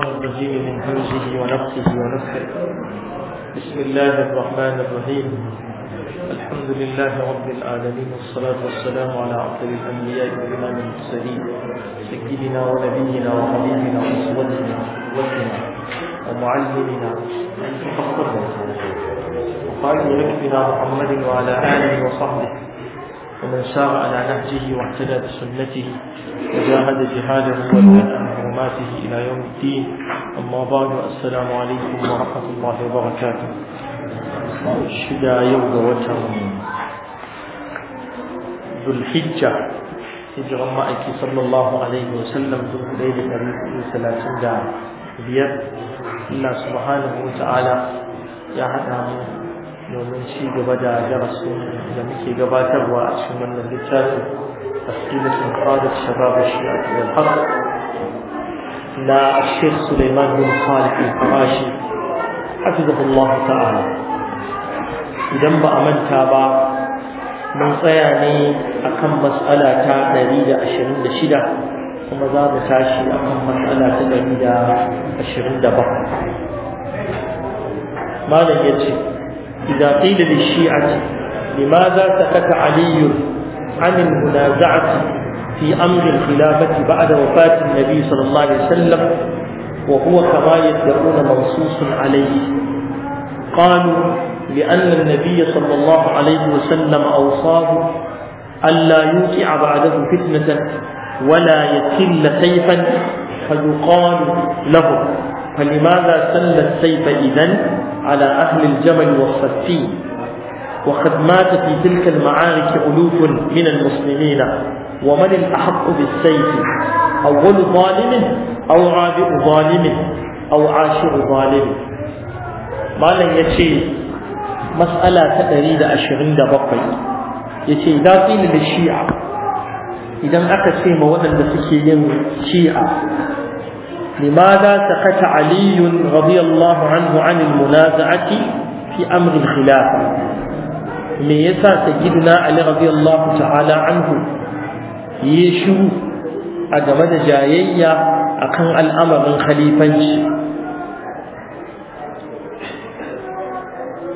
الشيطان الرجيم من همزه ونفسه ونفسه بسم الله الرحمن الرحيم الحمد لله رب العالمين والصلاة والسلام على عبد الأنبياء وإمام المرسلين سيدنا ونبينا وحبيبنا وأسوتنا وقوتنا ومعلمنا وفقرنا وقال نبينا محمد وعلى آله وصحبه ومن سار على نهجه واعتدى بسنته وجاهد جهاده وزاد وحرماته إلى يوم الدين أما بعد السلام عليكم ورحمة الله وبركاته شدا يوم وتر ذو الحجة هجر مائك صلى الله عليه وسلم ذو ليلة ثلاثين دار بيد الله سبحانه وتعالى يا هذا domin ci gaba da darasin da muke gabatarwa a cikin wannan littafin tafsirin sun fara shabab shi a cikin na Sheikh Suleiman bin Khalid al-Farashi hafizahullah ta'ala idan ba a manta ba mun tsaya ne akan mas'ala ta 126 kuma za mu tashi akan mas'ala ta 127 malam yace إذا قيل للشيعة لماذا سكت علي عن المنازعة في أمر الخلافة بعد وفاة النبي صلى الله عليه وسلم وهو كما يدعون منصوص عليه قالوا لأن النبي صلى الله عليه وسلم أوصاه ألا يوقع بعده فتنة ولا يكل سيفا فيقال له فلماذا سل السيف إذن على أهل الجمل والصفين وقد مات في تلك المعارك ألوف من المسلمين ومن الأحق بالسيف أول ظالم أو رابع ظالم أو عاشر ظالم ما لن يتشي مسألة تأريد أشرين دبقي يتشي إذا قيل للشيعة إذا أكثر ما ودن بسكيين شيعة لماذا سكت علي رضي الله عنه عن المنازعة في أمر الخلافة me yasa sayyiduna ali radiyallahu ta'ala anhu yi shiru a game da jayayya akan al'amarin khalifanci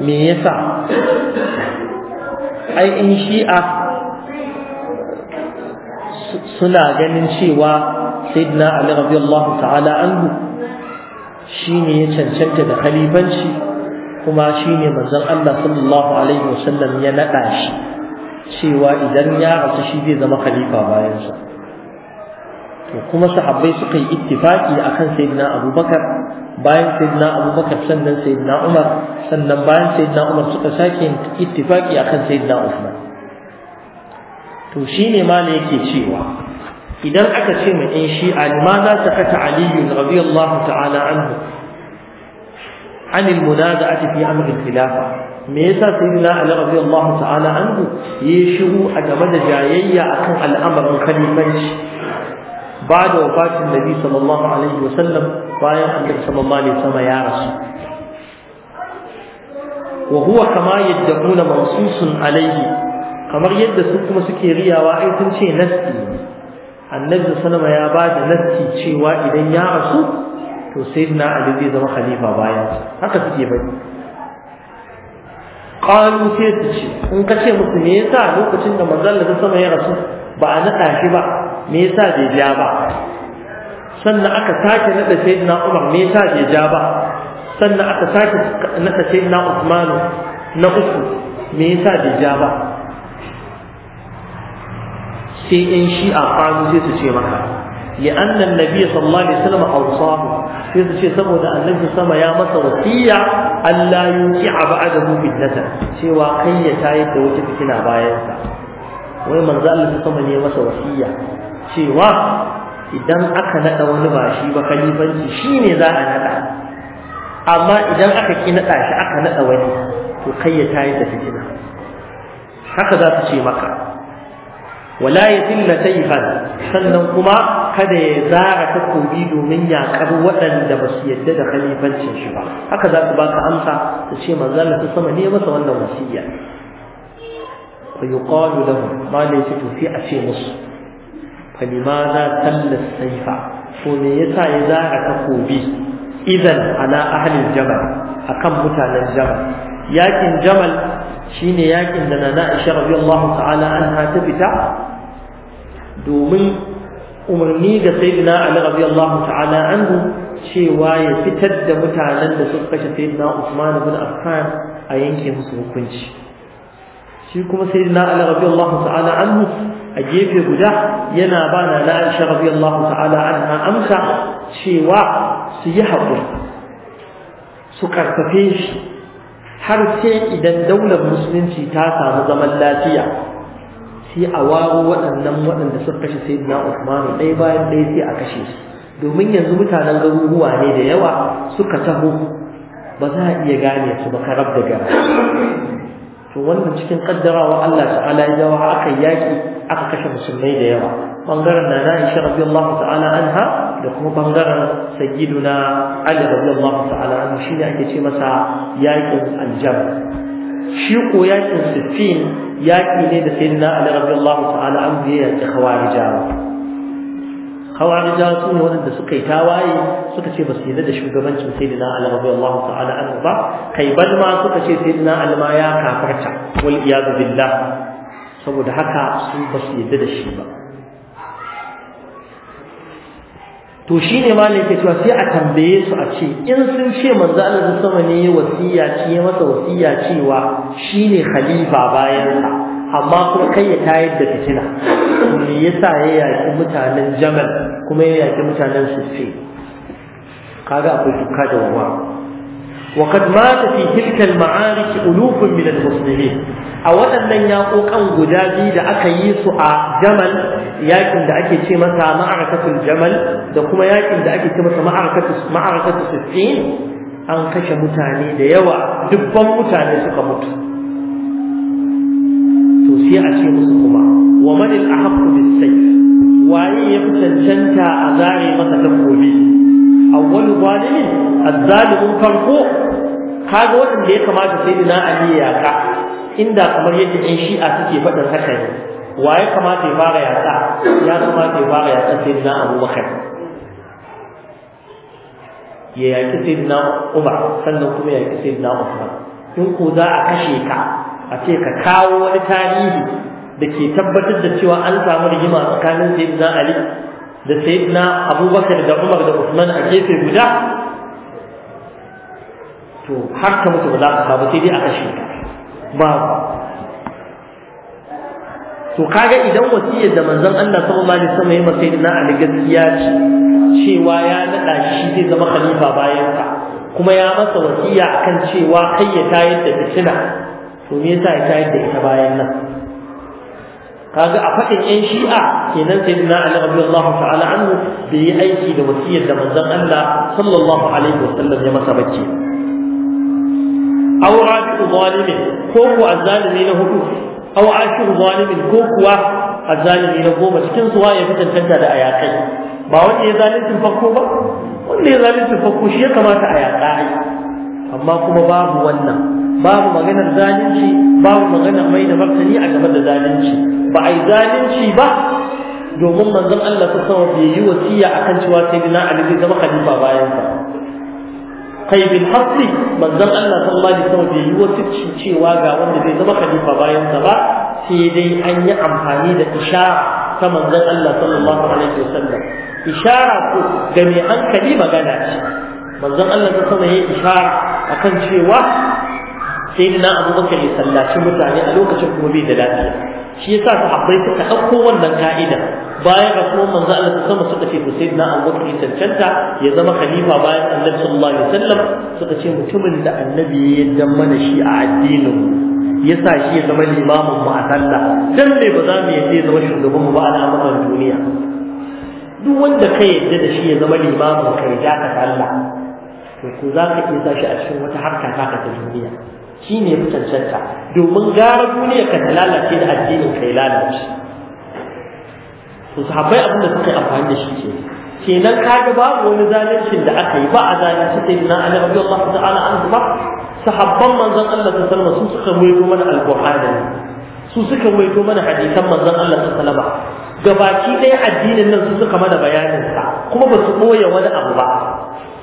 me yasa ai in shi'a suna ganin cewa sayyidina ali radiyallahu ta'ala anhu shine ya cancanta da khalifanci kuma shine manzon Allah sallallahu alaihi wasallam ya nada shi cewa idan ya rasu shi zai zama khalifa bayansa to kuma sahabbai suka yi ittifaki akan sayyidina abubakar bayan sayyidina abubakar sannan sayyidina umar sannan bayan sayyidina umar suka sake ittifaki akan sayyidina usman to shine ma ne yake cewa idan aka ce mu in shi almaza sakata aliyu radiyallahu ta'ala anhu an al-munaza'ati fi amr al-khilafa me yasa sayyidina ali radiyallahu ta'ala anhu yi shiru a game da jayayya akan al'amarin khalifanci ba da wafatin nabi sallallahu alaihi wa sallam bayan annabi sallallahu alaihi sama ya rasu wa huwa kama yadda'una mansusun alaihi kamar yadda su kuma suke riyawa ai sun ce nasti annabi sallama ya ba da nasti cewa idan ya rasu to sayyidina ali zai zama khalifa bayan haka suke bari qalu sai su ce in ka ce musu me yasa lokacin da manzon Allah sama ya rasu ba a nada shi ba me yasa bai ja ba sannan aka sake nada sayyidina Umar me yasa bai ja ba sannan aka sake nada sayyidina Usman na uku me yasa bai ja ba sai in shi a qalu sai su ce maka لأن النبي صلى الله عليه وسلم أوصاه sai su ce saboda annabi sama ya masa wasiya Allah yuki abadahu fitnata cewa kai ya tayar da wata fitina bayan sa wai manzo Allah sama ne masa wasiya cewa idan aka nada wani bashi ba khalifanci shine za a nada amma idan aka ki nada shi aka nada wani to kai ya tayar da fitina haka za su ce maka wala ya tilla sayfan sannan kuma kada ya zara takobi domin yakar waɗanda ba su yadda da khalifancin shi ba haka za su baka amsa su ce manzo ta sama ne masa wannan wasiya fa yuqalu lahum ma la yatu fi ace musu fa limadha talla sayfa to me yasa ya zara takobi idan ala ahli jamal akan mutanen jamal yakin jamal Shi ne yakin da nana Aisha radiyallahu ta'ala an ta fita domin umarni ga sayyidina Ali radiyallahu ta'ala anhu cewa ya fitar da mutanen da suka kashe sayyidina Usman bin Affan a yanke musu hukunci shi kuma sayyidina Ali radiyallahu ta'ala anhu a gefe guda yana ba na Aisha radiyallahu ta'ala anha amsa cewa su yi haƙuri su karfafe shi har sai idan daular musulunci ta samu zaman lafiya sai a waro waɗannan waɗanda suka kashe Sayyidina Usman ɗaya bayan ɗaya sai a kashe su domin yanzu mutanen garuruwa ne da yawa suka taho ba za a iya gane su ba karab da gara to wannan cikin kaddarawa Allah ta'ala ya jawo aka yaki aka kashe musulmai da yawa bangaren na Aisha radiyallahu ta'ala anha da kuma bangaren sayyiduna Ali radiyallahu ta'ala anhu shi ne ake ce masa yaƙin aljam shi ko yakin yaƙi ne da Sayyidina Ali radiyallahu ta'ala anhu ya yaki khawarijawa khawarijawa su ne wanda suka yi tawaye suka ce ba su yarda da shugabancin Sayyidina Ali radiyallahu ta'ala ba kai bal ma suka ce Sayyidina Ali ma ya kafarta wal iyad billah saboda haka su ba su yarda da shi ba to shi ma ne yake cewa sai a tambaye su a ce in sun ce manzo Allah sama ne wasiya ce ya masa wasiya cewa shi ne khalifa bayan sa amma kuma kai ya tayar da fitina me yasa ya yaki mutanen Jamal kuma ya yaki mutanen Siffin kaga akwai duka da wawa وقد مات في تلك المعارك ألوف من المسلمين أو أن يقوقا قدادي دعك يسعى جمل ياكن دعك تيمة معركة الجمل دكما ياكن دعك تيمة معركة معركة سفين أن كش متاني ديوا دبا متاني سقمت توسيع شيء سقما ومن الأحق بالسيف وأن يقتل شنتا أزاري مثلا قولي awwalu zalimin azzalimun farko kaga waɗanda ya kamata sai dina ali ya ka inda kamar yadda ɗan shi'a suke faɗin haka ne wa ya kamata ya fara yatsa ya kamata ya fara yatsa sai dina abubakar ya yaƙi sai dina umar sannan kuma ya yaƙi sai dina usman in ko za a kashe ka a ce ka kawo wani tarihi da ke tabbatar da cewa an samu rigima tsakanin sai dina ali da sayyidina abubakar da umar da usman a gefe guda to har ka mutu ba za ka ba sai dai a kashe ba to kaga idan wasiyar da manzon Allah sallallahu alaihi wasallam ya ma sayyidina Ali gaskiya ce cewa ya nada shi zai zama khalifa bayan ka kuma ya masa wasiya akan cewa kai ya tayar da fitina to me yasa ya tayar da ita bayan nan kaga a faɗin yan shi'a kenan sai na ali radiyallahu ta'ala anhu da yi aiki da wasiyar da manzon Allah sallallahu alaihi wasallam ya masa bacci aw rafi'u zalimin ko ku azzalimi na hudu aw ashiru zalimin ko kuwa azzalimi na goma cikin suwa ya fi tantanta da ayakai ba wanda ya zalincin farko ba wanda ya zalincin farko shi ya kamata a yaƙa amma kuma babu wannan babu maganar zalunci babu maganar mai da martani a game da zalunci ba a yi zalunci ba domin manzon Allah ta sama bai yi wasiya kan cewa sai dina Ali zai zama khalifa bayan sa kai bil haqqi manzon Allah sallallahu alaihi wasallam bai yi wasiya cewa ga wanda zai zama khalifa bayan sa ba sai dai an yi amfani da ishara ta manzon Allah sallallahu alaihi wasallam ishara ko ga mai hankali magana ce manzon Allah ta sama yayi ishara akan cewa Sai sayyidina abubakar ya sallaci mutane a lokacin kuma bai da lafiya shi yasa sahabbai suka ɗauko wannan ka'ida bayan rasuwar manzo Allah sama suka ce to sayyidina abubakar ya cancanta ya zama khalifa bayan annabi sallallahu alaihi wasallam suka ce mutumin da annabi ya yadda mana shi a addinin ya sa shi ya zama limamin mu a sallah dan me ba za mu yadda ya zama shugaban mu ba a al'amuran duniya duk wanda ka yarda da shi ya zama limamin ka ya ka sallah to ko za ka iya sa shi a cikin wata harka ta ta duniya shi ne fi cancanta domin gara duniya ka ta lalace da addinin ka ya lalace to sahabbai abin da suka yi amfani da shi ke kenan ga babu wani zaluncin da aka yi ba a zalunci sai na Ali radiyallahu ta'ala an ba sahabban manzon Allah sallallahu alaihi su suka waito mana alqur'ani su suka waito mana hadisan manzon Allah sallallahu alaihi wasallam gabaki ɗaya addinin nan su suka mana bayanin sa kuma ba su ɓoye wani abu ba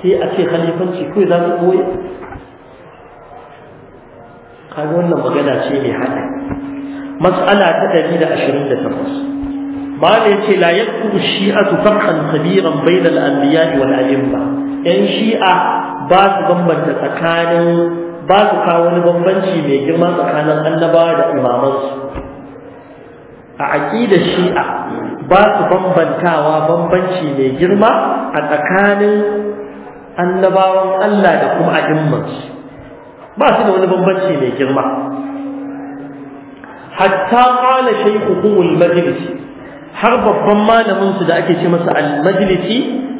sai a ce khalifanci kawai za su ɓoye kaga wannan magana ce mai haɗa matsala ta ɗari da ashirin da takwas ma ne ce la yakku shi'atu farhan kabiran da anbiya wal ba. yan shi'a ba su bambanta tsakanin ba su kawo wani bambanci mai girma tsakanin annabawa da imamansu a aƙidar shi'a ba su bambantawa bambanci mai girma a tsakanin annabawan Allah da kuma a'immansu ba su da wani bambanci mai girma hatta qala shaykhuhum al-majlis har babban malamin su da ake ce masa al-majlisi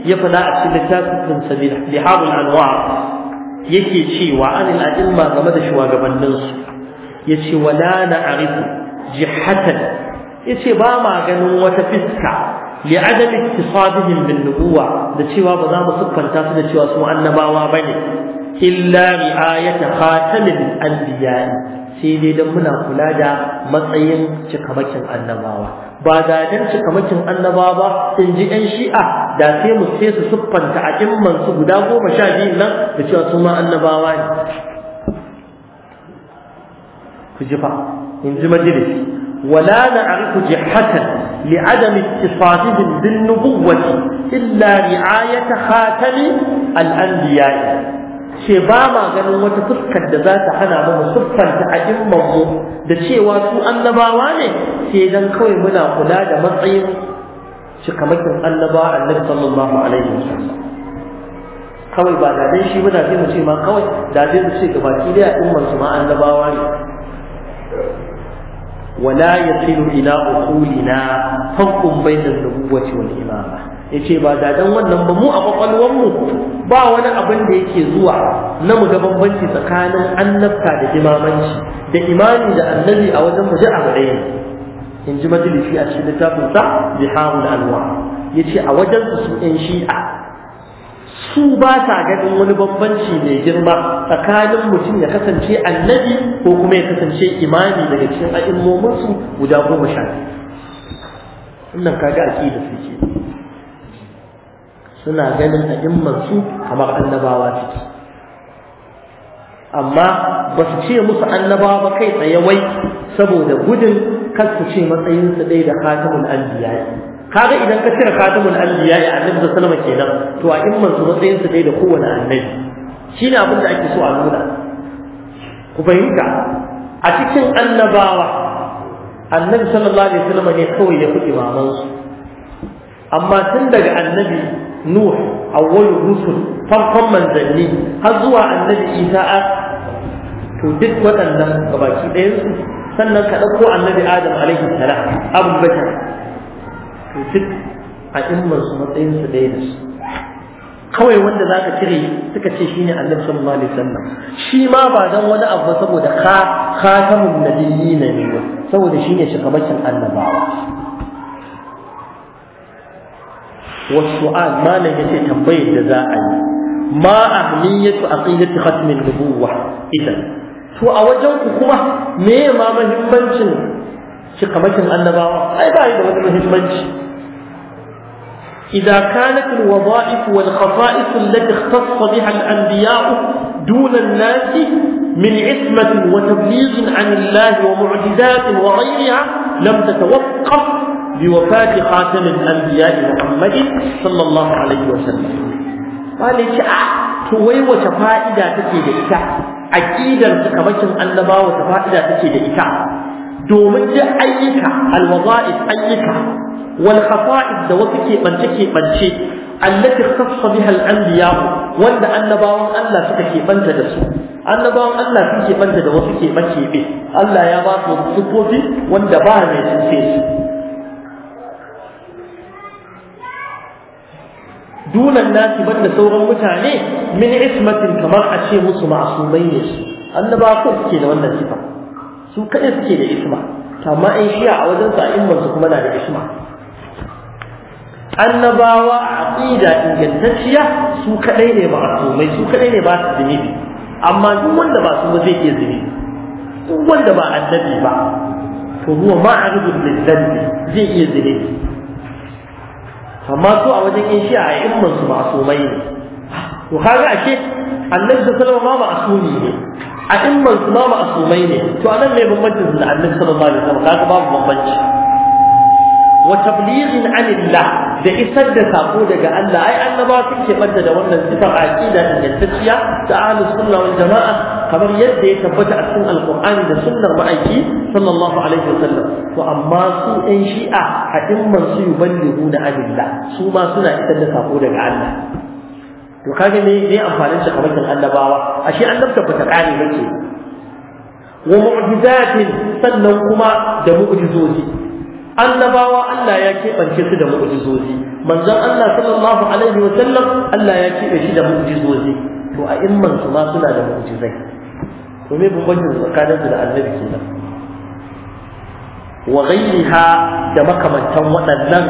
ya fada a cikin littafin sa bihabul anwa yake cewa an al-a'imma game da shugabannin su yace wala na'rifu jihatan yace ba ma ganin wata fiska li'adami ittisadihim bin nubuwa da cewa ba za mu sukkanta su da cewa su annabawa bane إلا رعاية خاتم الأنبياء سيدي لمنا فلادا مطعين شكمك النباوة بعد ذلك شكمك النباوة انجي انشيء دا في مستيس سبا تعجم من سبداه مشاهدين بشي أصمع النباوة كجفا انجي مجلس ولا نعرف جحة لعدم اتصالهم بالنبوة إلا رعاية خاتم الأنبياء ce ba ma ganin wata fuskar da za ta hana mu siffanta ajimman mu da cewa su annabawa ne sai dan kawai muna kula da matsayin cikamakin annabawa annabi sallallahu alaihi wasallam kawai ba da dai shi muna sai mu ce ma kawai da dai mu ce ga baki da umman su ma annabawa ne wala yasilu ila uqulina haqqun bainal nubuwwati wal imamah yace ba da dan wannan ba mu a kwakwalwar mu ba wani abin da yake zuwa na mu ga bambanci tsakanin annabta da imamanci da imani da annabi a wajen mu a gare in ji majalisi a cikin littafin sa biharul anwa yace a wajen su yan shi'a su ba ta ganin wani bambanci mai girma tsakanin mutum ya kasance annabi ko kuma ya kasance imani daga cikin a'immominsu guda goma sha biyu. Wannan kaga su ke. suna ganin a'immansu kamar annabawa suke amma ba su ce musu annabawa ba kai tsaye wai saboda gudun kar su ce matsayinsu dai da khatamul anbiya kaga idan ka cire khatamul anbiya ya annabi sallallahu alaihi kenan to a a'immansu matsayinsu dai da kowane annabi shi shine abin da ake so a nuna ku fahimta a cikin annabawa annabi sallallahu alaihi wasallam ne kawai ya fi imamansu amma tun daga annabi nuh awwalur rusul farkon manzanni har zuwa annabi isa to duk waɗannan gabaki ɗayan su sannan ka ɗauko annabi adam alaihi salam abubakar to a imman su su kawai wanda za ka cire suka ce shi ne annabi sallallahu alaihi wasallam shi ma ba dan wani abu saboda ka khatamun nabiyyi ne saboda shi ne shugabancin annabawa والسؤال ما لا يتي تنبيه جزاء ما أهمية عقيدة ختم النبوة إذا to a wajen ما ما مهمنش ma أن cikamakin أي بعيد ما مهمنش إذا كانت الوظائف والخصائص التي اختص بها الأنبياء دون الناس من عصمة وتبليغ عن الله ومعجزات وغيرها لم تتوقف بوفاة خاتم الأنبياء محمد صلى الله عليه وسلم قال لك أه توي وتفائدة تجد إتا أكيدا تكبت النبا وتفائدة تجد إتا دومن جا أيكا الوظائف أيكا والخصائص دوتك من تك من شيء التي اختص بها الأنبياء وأن النبا أن لا تكي من تدسو أن با أن لا تكي من تدسو الله يبارك وتصفوتي وأن دبار من تنسيسو dunan nasi banda sauran mutane min ismatin kamar a ce musu masumai ne su annaba ko suke da wannan sifa su kaɗai suke da isma amma in shiya a wajen sa in su kuma na da isma annabawa a aqida ingantacciya su kadai ne masumai su kadai ne ba su zunubi amma duk wanda ba su zai iya zunubi duk wanda ba annabi ba to huwa ma'arudun lil zai iya zunubi amma su a wajen yin shi a imman su ba a ma'asumai ne to kaga ashe annabi sallallahu a suni ne a imman su ma ma'asumai ne to anan ne bambancin su da annabi sallallahu alaihi wasallam kaga babu bambanci wa tablighin anillah da isar da sako daga Allah ai Annabawa sun ke banta da wannan sifar aqida ingantacciya ta ahlus sunna wal jama'a kamar yadda ya tabbata a cikin Alƙur'ani da sunnar ma'aiki sallallahu alaihi wasallam to amma su ɗan shi'a a hadimman su yi lihu da adilla su ma suna isar da sako daga Allah to kage ne ne amfanin shi kamar kan annabawa ashe annabta bata kare ba ce wa mu'jizatin sannan kuma da mu'jizozi annabawa Allah ya keɓance su da mu'jizozi manzon Allah sallallahu alaihi wasallam Allah ya keɓe shi da mu'jizozi to a imman su ma suna da mu'jizai to me bambancin tsakanin su da annabi kenan wa ghayriha da makamantan waɗannan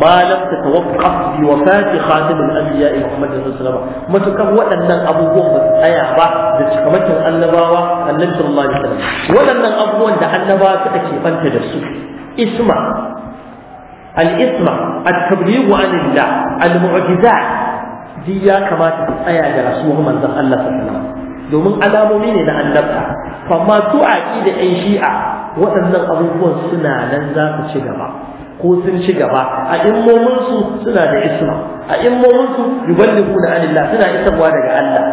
ma lam tatawaqqaf bi wafati khatim al-anbiya Muhammad sallallahu alaihi wasallam matukan waɗannan abubuwan ba su tsaya ba da cikamakin annabawa annabi sallallahu alaihi wasallam waɗannan abubuwan da annabawa suka kebanta da su isma al-isma at-tabligh an Allah al-mu'jizat duk ya kamata su tsaya da rasuwar manzon Allah sallallahu alaihi wasallam domin alamomi ne na annabta amma su a da ƴan shi'a waɗannan abubuwan suna nan za su ci gaba ko sun ci gaba a immominsu suna da isma a immominsu na anillah suna isarwa daga Allah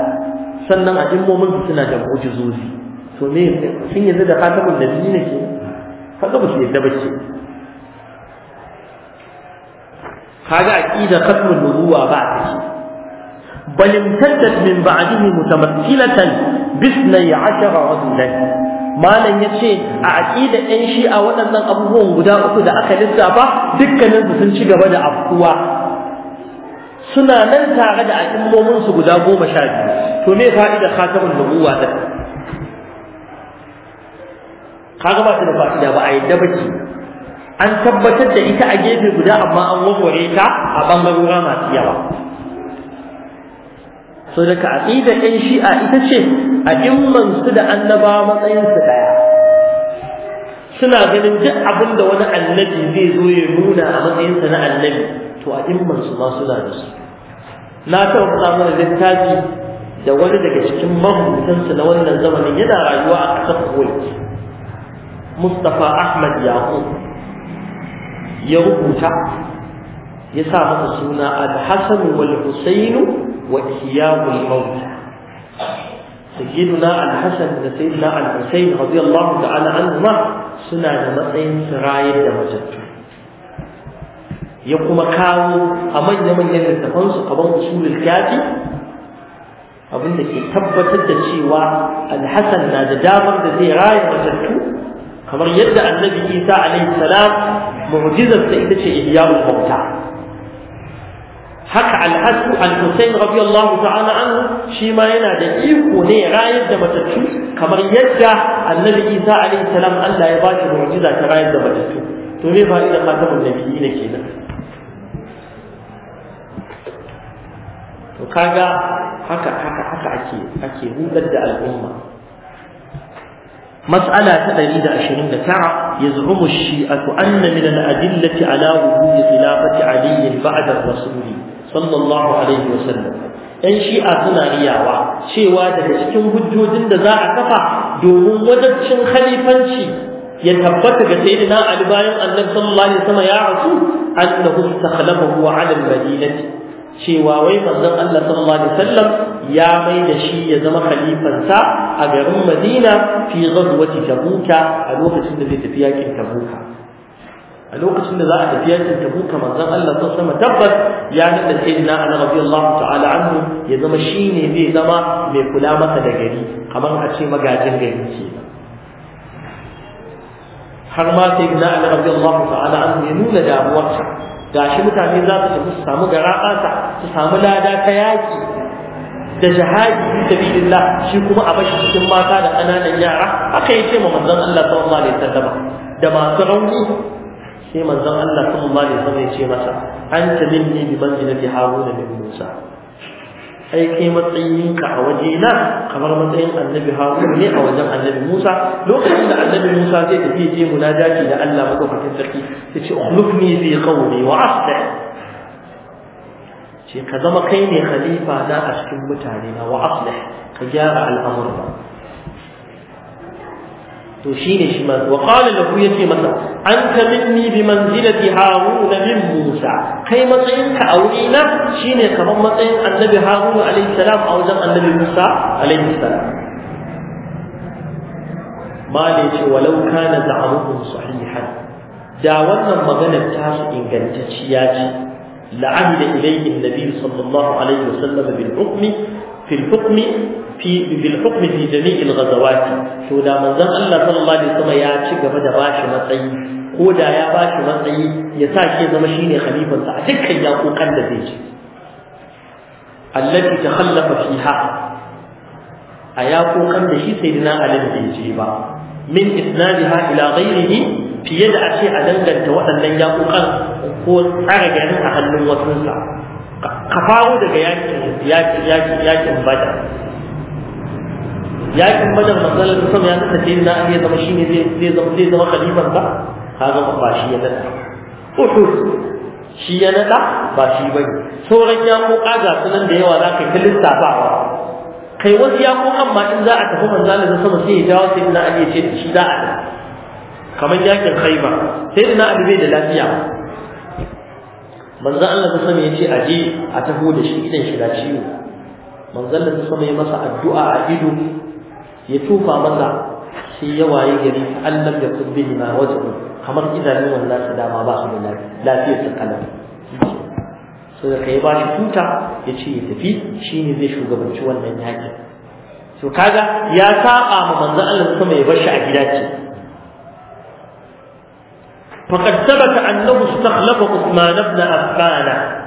sannan a immominsu suna da mu'jizozi to me sun yanzu da khatamun nabiyyi ne ke kaga ba su yadda ba ke kaga aqida khatmun nubuwa ba ta ce بل امتدت من بعده متمثلة باثني عشر رجلا malam ya ce a aƙida ɗan shi'a waɗannan abubuwan guda uku da aka lissafa dukkaninsu sun ci gaba da afkuwa suna nan tare da al'ummominsu guda goma sha biyu to kaga ba ta da fa'ida ba a yadda baki an tabbatar da ita a gefe guda amma an warware ta a bangarora masu yawa so daga aqidar ɗan shi'a ita ce a imman su da annaba matsayinsu ɗaya suna ganin duk abin da wani annabi zai zo ya nuna a matsayinsa na annabi to a imman su ma suna da su na taɓa faɗa mana littafi da wani daga cikin mahukuntansu na wannan zamanin yana rayuwa a ƙasar Kuwait Mustapha Ahmad Yaqub ya rubuta ya sa masa suna Al-Hasan wal Husainu وإحياء الموتى سيدنا الحسن وسيدنا الحسين رضي الله تعالى عنهما سنة matsayin su rayar da matattu ya kuma kawo a manya-manyan littafansu kaban usulul kafi abinda ke tabbatar da cewa alhassan na da damar da zai raya matattu kamar yadda annabi isa alaihi salam mu'jizarsa ita ce ihya'ul mauta haka alhasu al-husayn radiyallahu ta'ala anhu shi ma yana da iko ne rayar da matattu kamar yadda annabi isa alaihi salam Allah ya bashi mu'jiza ta rayar da matattu to me fa'ida khatamun nabiyyi ne kenan to kaga haka haka haka ake ake hudar da al'umma مسألة تدريد عشرين لتعة يزعم الشيعة أن من الأدلة على وجود خلافة علي بعد الرسول sallallahu alaihi wasallam ɗan shi'a suna riyawa cewa daga cikin hujjojin da za a kafa domin wadancin khalifanci ya tabbata ga saidina Ali bayan annabi sallallahu alaihi wasallam ya rasu annahu istakhlafahu ala al cewa wai manzon Allah sallallahu alaihi wasallam ya mai da shi ya zama khalifansa a garin Madina fi ghazwati Tabuka a lokacin da zai tafi yakin Tabuka a lokacin da za a tafiya tafi yakin tabuka manzon Allah sallallahu alaihi tabbas ya nada sayyidina Ali radiyallahu ta'ala anhu ya zama shine zai zama mai kula masa da gari kamar a ce magajin gari ce har ma sayyidina Ali radiyallahu ta'ala anhu ya nuna damuwarsa gashi mutane za su tafi su samu gara'ata su samu lada ta yaki da jihadi fi sabilillah shi kuma a bashi cikin mata da ƙananan yara haka yace ma manzon Allah sallallahu alaihi wasallam da masu rauni sai manzon Allah sallallahu da zama ya ce masa anta minni bi manzilati harun da musa ai kai matsayin ka a waje na kamar matsayin annabi haruna ne a wajen annabi musa lokacin da annabi musa zai tafi je munajati da Allah madaukakin sarki sai ce ukhlifni fi qawmi wa aslih ce ka zama kai ne khalifa na a cikin mutane na wa aslih ka gyara al'amuran to shine shi ma wa qala lahu yace masa anta minni bi manzilati haruna min musa kai matsayin ka a wuri na shine kamar matsayin annabi haruna alaihi salam a wajen annabi musa alaihi salam ma da yace walau kana za'amuhum sahihan da wannan maganar ta su ingantacciya ce la'amila ilayhi annabi sallallahu alaihi wasallam bil hukmi fil hukmi fi bil fi to da manzon Allah sallallahu alaihi wasallam ya ci gaba da bashi matsayi ko da ya bashi matsayi ya sa shi zama shine khalifansa a dukkan yakokan da zai ci allati takhallafa fiha a yakokan da shi sayyidina Ali bai je ba min isnadiha ila ghairihi fiye da a ce a danganta waɗannan yakukan ko tsara garin a hannun wasunsa ka faru daga yakin badar yakin badar matsalar ta sama ya ta ce na ya zama shi ne zai zama khalifar ba ka zama ba shi ya nada uhud shi ya nada ba shi ba sauran ya ko kaza sunan da yawa za ka ta lissafawa kai wasu ya kokan ma in za a tafi manzalin da sama sai ya jawo sai na ali ya ce shi za a kamar yakin khaiba sai na ali da lafiya manzo Allah ta sani yace aje a taho da shi idan shi da ciwo manzo Allah ta sami masa addu'a a ido ya tufa masa sai ya waye gari ta Allah ya kubbi ma wajhu kamar idanun wannan ta dama ba su da lafiya ta kalan so da kai ba shi tuta yace ya tafi shine zai shugabanci wannan yaki to kaga ya saba ma manzo Allah sama ya bar shi a gida ce فقد ثبت أنه استخلف عثمان بن عفان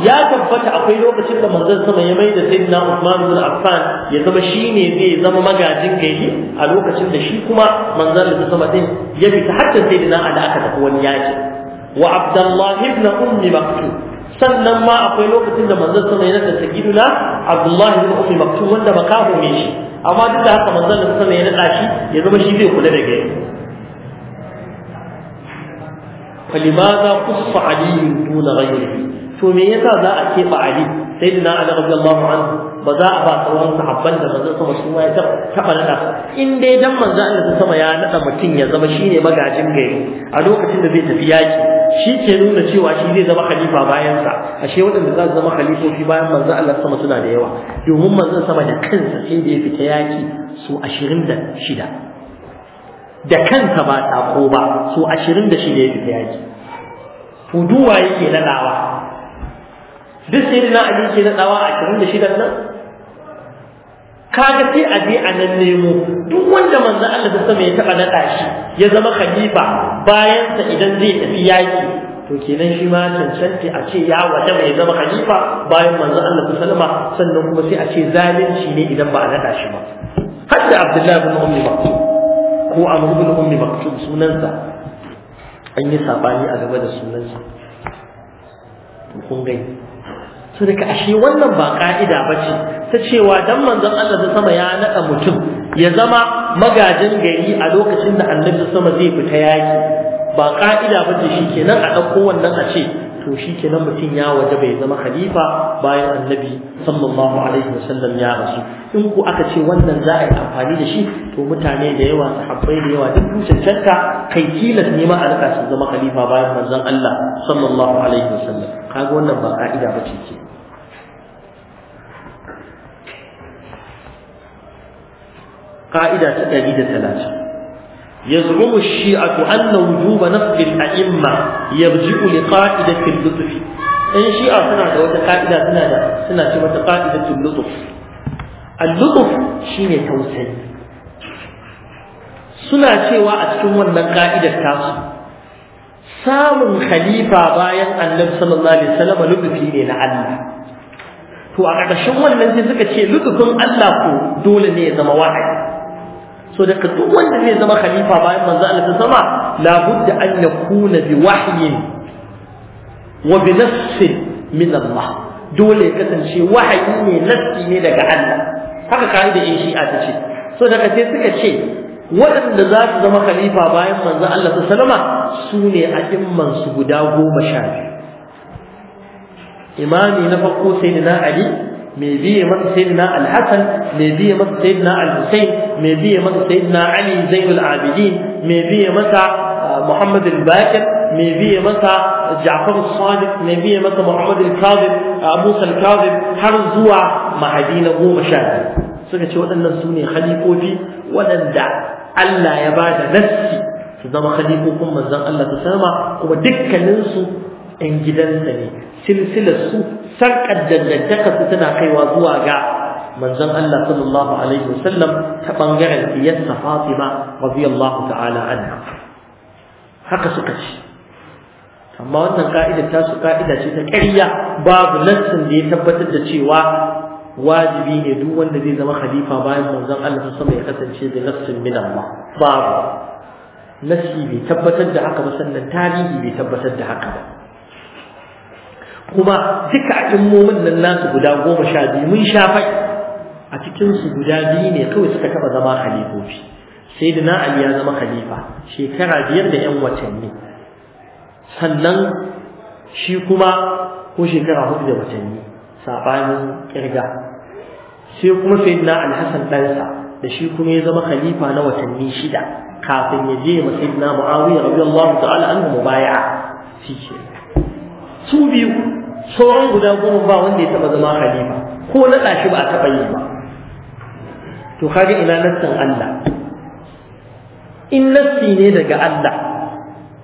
ya tabbata akwai lokacin da manzon sama ya maida sayyidina Uthman bin Affan ya zama shine zai zama magajin gari a lokacin da shi kuma manzon da sama din ya fita hatta sayyidina Ali aka tafi wani yaki wa Abdullah ibn Ummi Maktum sannan ma akwai lokacin da manzon sama ya nada sayyidina Abdullah ibn Ummi Maktum wanda makahu ne shi amma duk da haka manzon sama ya nada shi ya zama shi zai kula da gari فلماذا قص علي دون غيره to me yasa za a keɓa Ali sai dina Ali radiyallahu anhu ba za a ba sauran sahabban da manzon sama shi ma ya taɓa nada in dai dan manzon Allah sama ya nada mutum ya zama shine magajin gari a lokacin da zai tafi yaki shi ke nuna cewa shi zai zama khalifa bayan sa ashe waɗanda za su zama khalifofi bayan manzon Allah sama suna da yawa domin manzon sama da kansa sai da ya fita yaki su shida. da kansa ba tako ba so ashirin da shida ya fita yaki huduwa yake na dawa? duk sai na ali ke naɗawa ashirin da da nan kaga sai a je a nan nemo duk wanda manzo Allah da sama ya taba naɗa shi ya zama khalifa bayan sa idan zai tafi yaki to kenan shi ma cancanci a ce ya wata mai zama khalifa bayan manzo Allah da sallama sannan kuma sai a ce zalunci ne idan ba a naɗa shi ba hadda Abdullahi ibn Ummi ko amr ibn ummi maktub sunansa an yi sabani a gaba da sunansa kun gani to daga ashe wannan ba ka'ida bace ta cewa dan manzon Allah da sama ya nada mutum ya zama magajin gari a lokacin da annabi sama zai fita yaki ba ka'ida bace shikenan a dauko wannan a ce to shi kenan mutum ya waje bai zama khalifa bayan annabi sallallahu alaihi wasallam ya rasu in ku aka ce wannan za a yi amfani da shi to mutane da yawa sahabbai da yawa duk sun cancanta kai tilas ne ma a su zama khalifa bayan manzon Allah sallallahu alaihi wasallam kaga wannan ba ka'ida ba ce ce ka'ida ta 130 يزعم الشيعة أن وجوب نقل الأئمة يرجع لقاعدة اللطف إن شيعة سنة وتقاعدة سنة سنة وتقاعدة اللطف اللطف شيء توسل suna cewa a cikin wannan ka'idar tasu samun khalifa bayan annabi sallallahu alaihi wasallam lutufi ne na Allah to a ƙarshen wannan sai suka ce lutufin Allah ko dole ne ya zama wahayi so da duk wanda zai zama khalifa bayan manzo Allah ta sama la budda an yakuna bi wahyi wa bi min Allah dole ya kasance wahayi ne nassi ne daga Allah haka kaida da shi'a ta ce so da kace suka ce waɗanda za su zama khalifa bayan manzo Allah ta salama su ne a'imman su guda goma sha biyu imami na farko sai na Ali mai biye masa sayyidina al-hasan mai biye masa sayyidina al-husayn mai biye masa sayyidina ali zainul abidin mai biye masa ah, muhammad al-bakir mai biye masa ah, ja'far sadiq mai biye masa muhammad al-kadhib ah, musa al-kadhib har zuwa mahadi na goma sha suka ce waɗannan su ne khalifofi waɗanda Allah ya ba da nassi su zama khalifofin manzon Allah ta sama kuma dukkaninsu ‘yan gidansa ne silsilar su sarƙar dangantaka su tana kaiwa zuwa ga manzon Allah sallallahu alaihi wasallam ta bangaren iyyarsa Fatima radiyallahu ta'ala anha haka suka ci. amma wannan ƙa'ida ta su ka'ida ce ta ƙarya babu nassin da ya tabbatar da cewa wajibi ne duk wanda zai zama khalifa bayan manzon Allah sallallahu alaihi wasallam ya kasance da nassin min Allah babu nasi bai tabbatar da haka ba sannan tarihi bai tabbatar da haka ba kuma duka a ilmomin nan nasu guda goma sha biyu mun sha fai a cikinsu guda biyu ne kawai suka taɓa zama halifofi sai da na ali ya zama khalifa shekara biyar da yan watanni sannan shi kuma ko shekara hudu da watanni saɓanin kirga, sai kuma sai na alhassan ɗansa da shi kuma ya zama khalifa na watanni shida kafin ya je ma sayyidina muawiya radiyallahu ta'ala anhu mubaya'a shi ke su biyu sauran guda goma ba wanda ya taba zama khalifa ko naɗa shi ba a taba yi ba to kaga ina nassin Allah in nassi ne daga Allah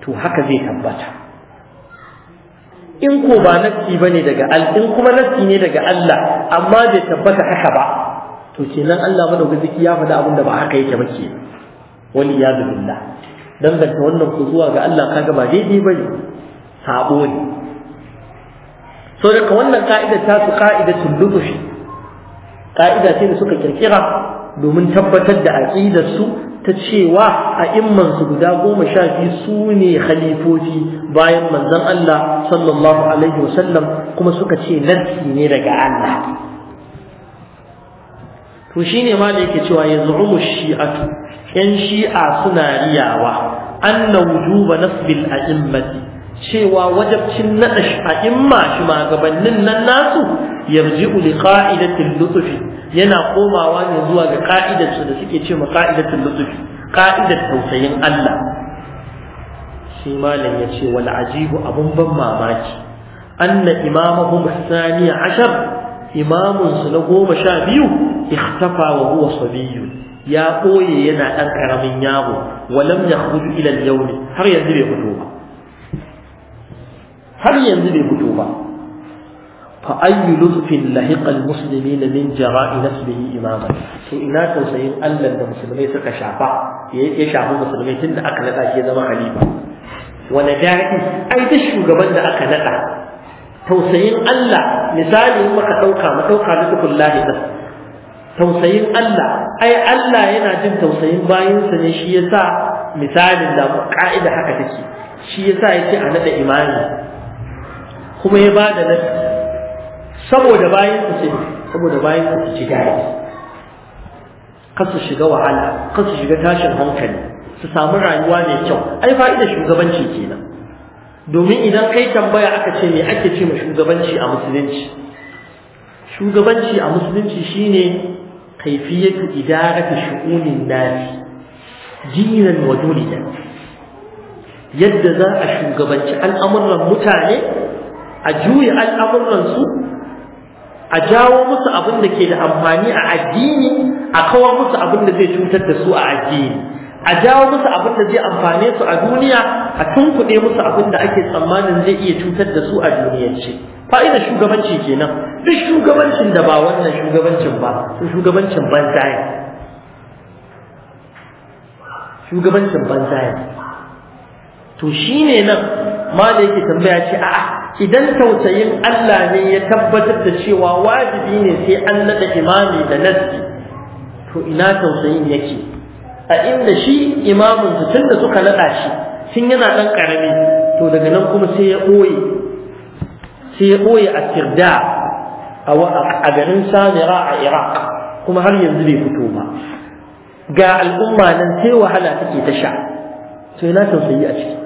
to haka zai tabbata in ko ba nassi bane daga Allah in kuma nassi ne daga Allah amma bai tabbata haka ba to kenan Allah madaukaki ya faɗa abin da ba haka yake ba ke wani ya billah danganta wannan ku zuwa ga Allah kaga ba daidai bane sabo ne so daga wannan ka'idar ta su ka'idatul lukushi, ka'ida ce da suka kirkira domin tabbatar da aqidar su ta cewa a imman su guda goma sha biyu su ne khalifofi bayan manzon Allah sallallahu alaihi wasallam kuma suka ce nafsi ne daga Allah to shine ma da yake cewa yaz'umu shi'atu yan shi'a suna riyawa anna wujuba nasbil a'immati cewa wajabcin naɗa sha'imma shi magabannin nan nasu yarji'u uli ka'idatin lutfi yana komawa ne zuwa ga ka'idarsu da suke ce ma qa'idatil lutfi ka'idar tausayin Allah shi malam ya ce wal ajibu abun ban mamaki anna imamahum thani ashar imamun su na goma sha biyu ikhtafa wa huwa sabiyun ya koye yana dan karamin yaro walam yakhruju ila al-yawm har yanzu bai fito ba har yanzu bai fito ba fa ayyu lutfin lahiqa almuslimin min jara'i nasbihi imama to ina tausayin Allah da musulmai suka shafa ya shafi musulmai tunda aka nada shi zama khalifa wani daɗi ai duk shugaban da aka nada tausayin Allah misali muka dauka mu dauka lutfullahi nasbihi tausayin Allah ai Allah yana jin tausayin bayansa ne shi yasa misalin da ka'ida haka take shi yasa yake a nada imani kuma ya bada na saboda bayan su ce saboda bayan su ci daɗi kan su shiga wahala kan su shiga tashin hankali su samu rayuwa mai kyau ai fa'idar shugabanci kenan domin idan kai tambaya aka ce me ake ce ma shugabanci a musulunci shugabanci a musulunci shine kaifiyatu idarati shu'unin nasi dinan wa duliyan yadda za a shugabanci al'amuran mutane a juya al'amuransu a jawo musu abin da ke da amfani a addini a kawo musu abin da zai cutar da su a addini a jawo musu abin da zai amfane su a duniya a tunkuɗe musu abin da ake tsammanin zai iya cutar da su a duniyance fa'idar shugabanci kenan duk shugabancin da ba wannan shugabancin ba su shugabancin banza shugabancin banza to shine nan ma da yake tambaya ce a'a idan tausayin Allah ne ya tabbatar da cewa wajibi ne sai an naɗa imami da nasi to ina tausayin yake a inda shi imamin su da suka naɗa shi tun yana ɗan karami to daga nan kuma sai ya ɓoye sai ya boye a tirda a garin Samira a Iraq kuma har yanzu bai fito ba ga al'umma nan sai wahala take ta sha to ina tausayi a ciki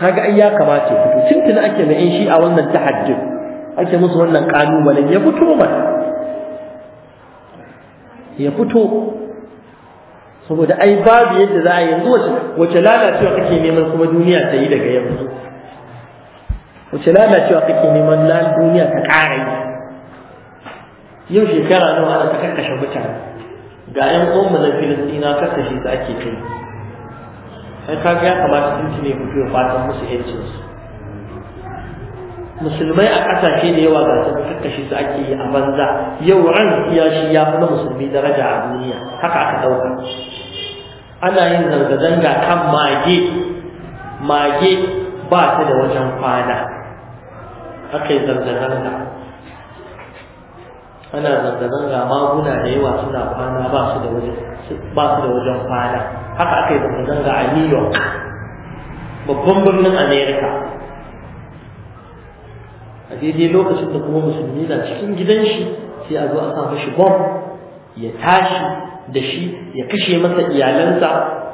kaga ai ya kamata ya fito tuntuna ake na shi a wannan tahajjud ake musu wannan kalubalen ya fito ba ya fito saboda ai babu yadda za a yanzu wace wace lalacewa kake neman kuma duniya ta yi daga yanzu wace lalacewa kake neman duniya ta ƙara yi yau shekara nawa ana ta kakkashe mutane ga 'yan uwanmu na filistina kakkashe su ake kai sai kaga ya kamata sun ci ne fito fatan musu yancin su musulmai a ƙasashe da yawa gasar kakkashi su ake yi a banza yau an ya shi ya fi na musulmi daraja a duniya haka aka ɗauka ana yin zanga-zanga kan mage mage ba ta da wajen kwana aka yi zanga-zanga ana zanga-zanga maguna da yawa suna kwana ba su da wajen kwana haka aka yi zanga-zanga a new york babban birnin america a daidai lokacin da kuma musulmi na cikin gidan shi sai a zo a sa mashi bom ya tashi da shi ya kashe masa iyalansa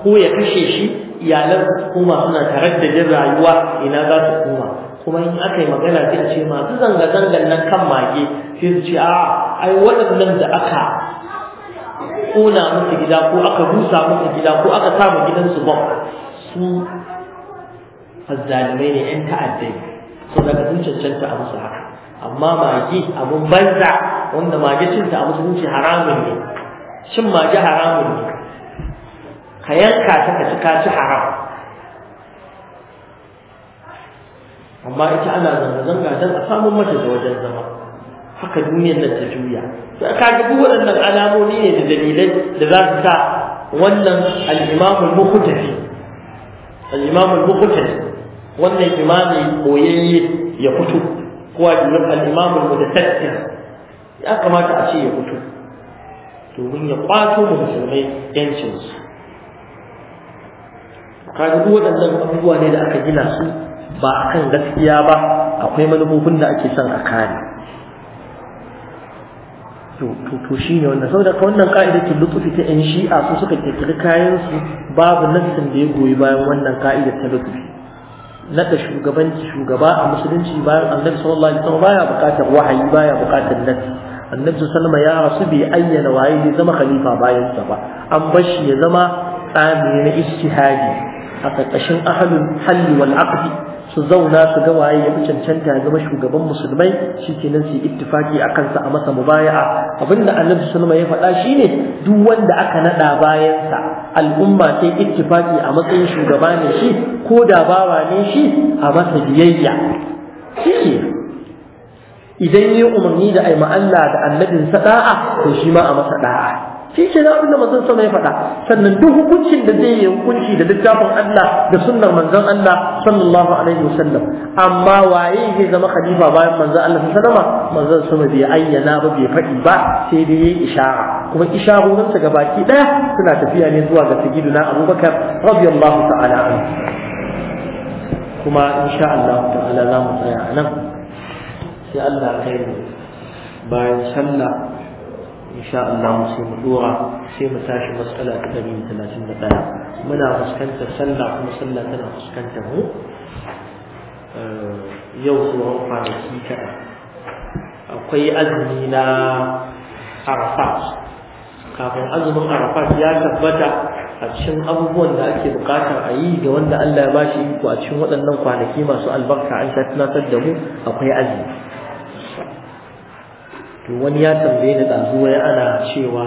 ko ya kashe shi iyalan kuma suna tarar da jin rayuwa ina za su kuma? kuma in aka yi magana sai a ce masu zanga-zangan nan kan mage sai su ce a ai waɗannan da aka ƙona musu gida ko aka rusa musu gida ko aka samu gidansu bom su azzalimai ne yan ta'addai so daga sun cancanta a musu haka amma mage abun banza wanda mage cinta a musulunci haramun ne cin mage haramun ne ka yanka ta ka ci ka ci haram amma ita ana zanga-zanga don a samun mata da wajen zama haka duniyar nan ta juya ka ga duk waɗannan alamomi ne da dalilai da za su ta wannan al-imam al-muqtadi al-imam al-muqtadi wannan imami koyayye ya fito ko al-imam al-mutasaddid ya kamata a ce ya fito domin ya kwato musulmai yancinsu kaga duk waɗannan abubuwa ne da aka gina su ba akan gaskiya ba akwai manufofin da ake son a kare to shi ne wannan saboda ka wannan ka'idatul lutfi ta yan shi'a su suka kirkiri kayan su babu nassin da ya goyi bayan wannan ka'idar ta lutfi nada shugabanci shugaba a musulunci bayan annabi sallallahu alaihi wasallam baya buƙatar wahayi baya bukatar nassi annabi sallallahu alaihi wasallam ya rasu bai ayyana waye zai zama khalifa bayan sa ba an bar shi ya zama tsami na ijtihadi a ƙarƙashin ahlul halli wal aqdi su zauna su ga waye ya fi cancanta ya zama shugaban musulmai shi kenan su yi ittifaki a kansa a masa mubaya'a abinda annabi sulma ya faɗa shine duk wanda aka naɗa bayansa al'umma sai ittifaki a matsayin shugaba ne shi ko da bawa ne shi a masa biyayya shi idan ya umarni da ai Allah da annabin sa ɗa'a to shi ma a masa ɗa'a. shi ke na abin da manzon sama ya faɗa sannan duk hukuncin da zai yi hukunci da littafin Allah da sunnar manzon Allah sallallahu alaihi wasallam amma waye zai zama khalifa bayan manzon Allah sallama manzon sama bai ayyana ba bai faɗi ba sai dai yayi isha'a kuma isharorinsa ga baki ɗaya suna tafiya ne zuwa ga sayyidina Abubakar radiyallahu ta'ala anhu kuma insha Allah ta'ala za mu tsaya a nan sai Allah ya kai mu bayan sallah insha Allah sai mu dora sai mu tashi matsala ta 131 muna fuskantar sallah kuma sallah tana fuskantar mu eh, yau tsohon kwanaki kaɗan akwai azumi na arafat kafin azumin arafat ya tabbata a cikin abubuwan da ake bukatar a yi ga wanda Allah ya bashi iko a cikin waɗannan kwanaki masu albarka an tunatar da mu akwai azumi to wani ya tambaye ni ɗazu ya ana cewa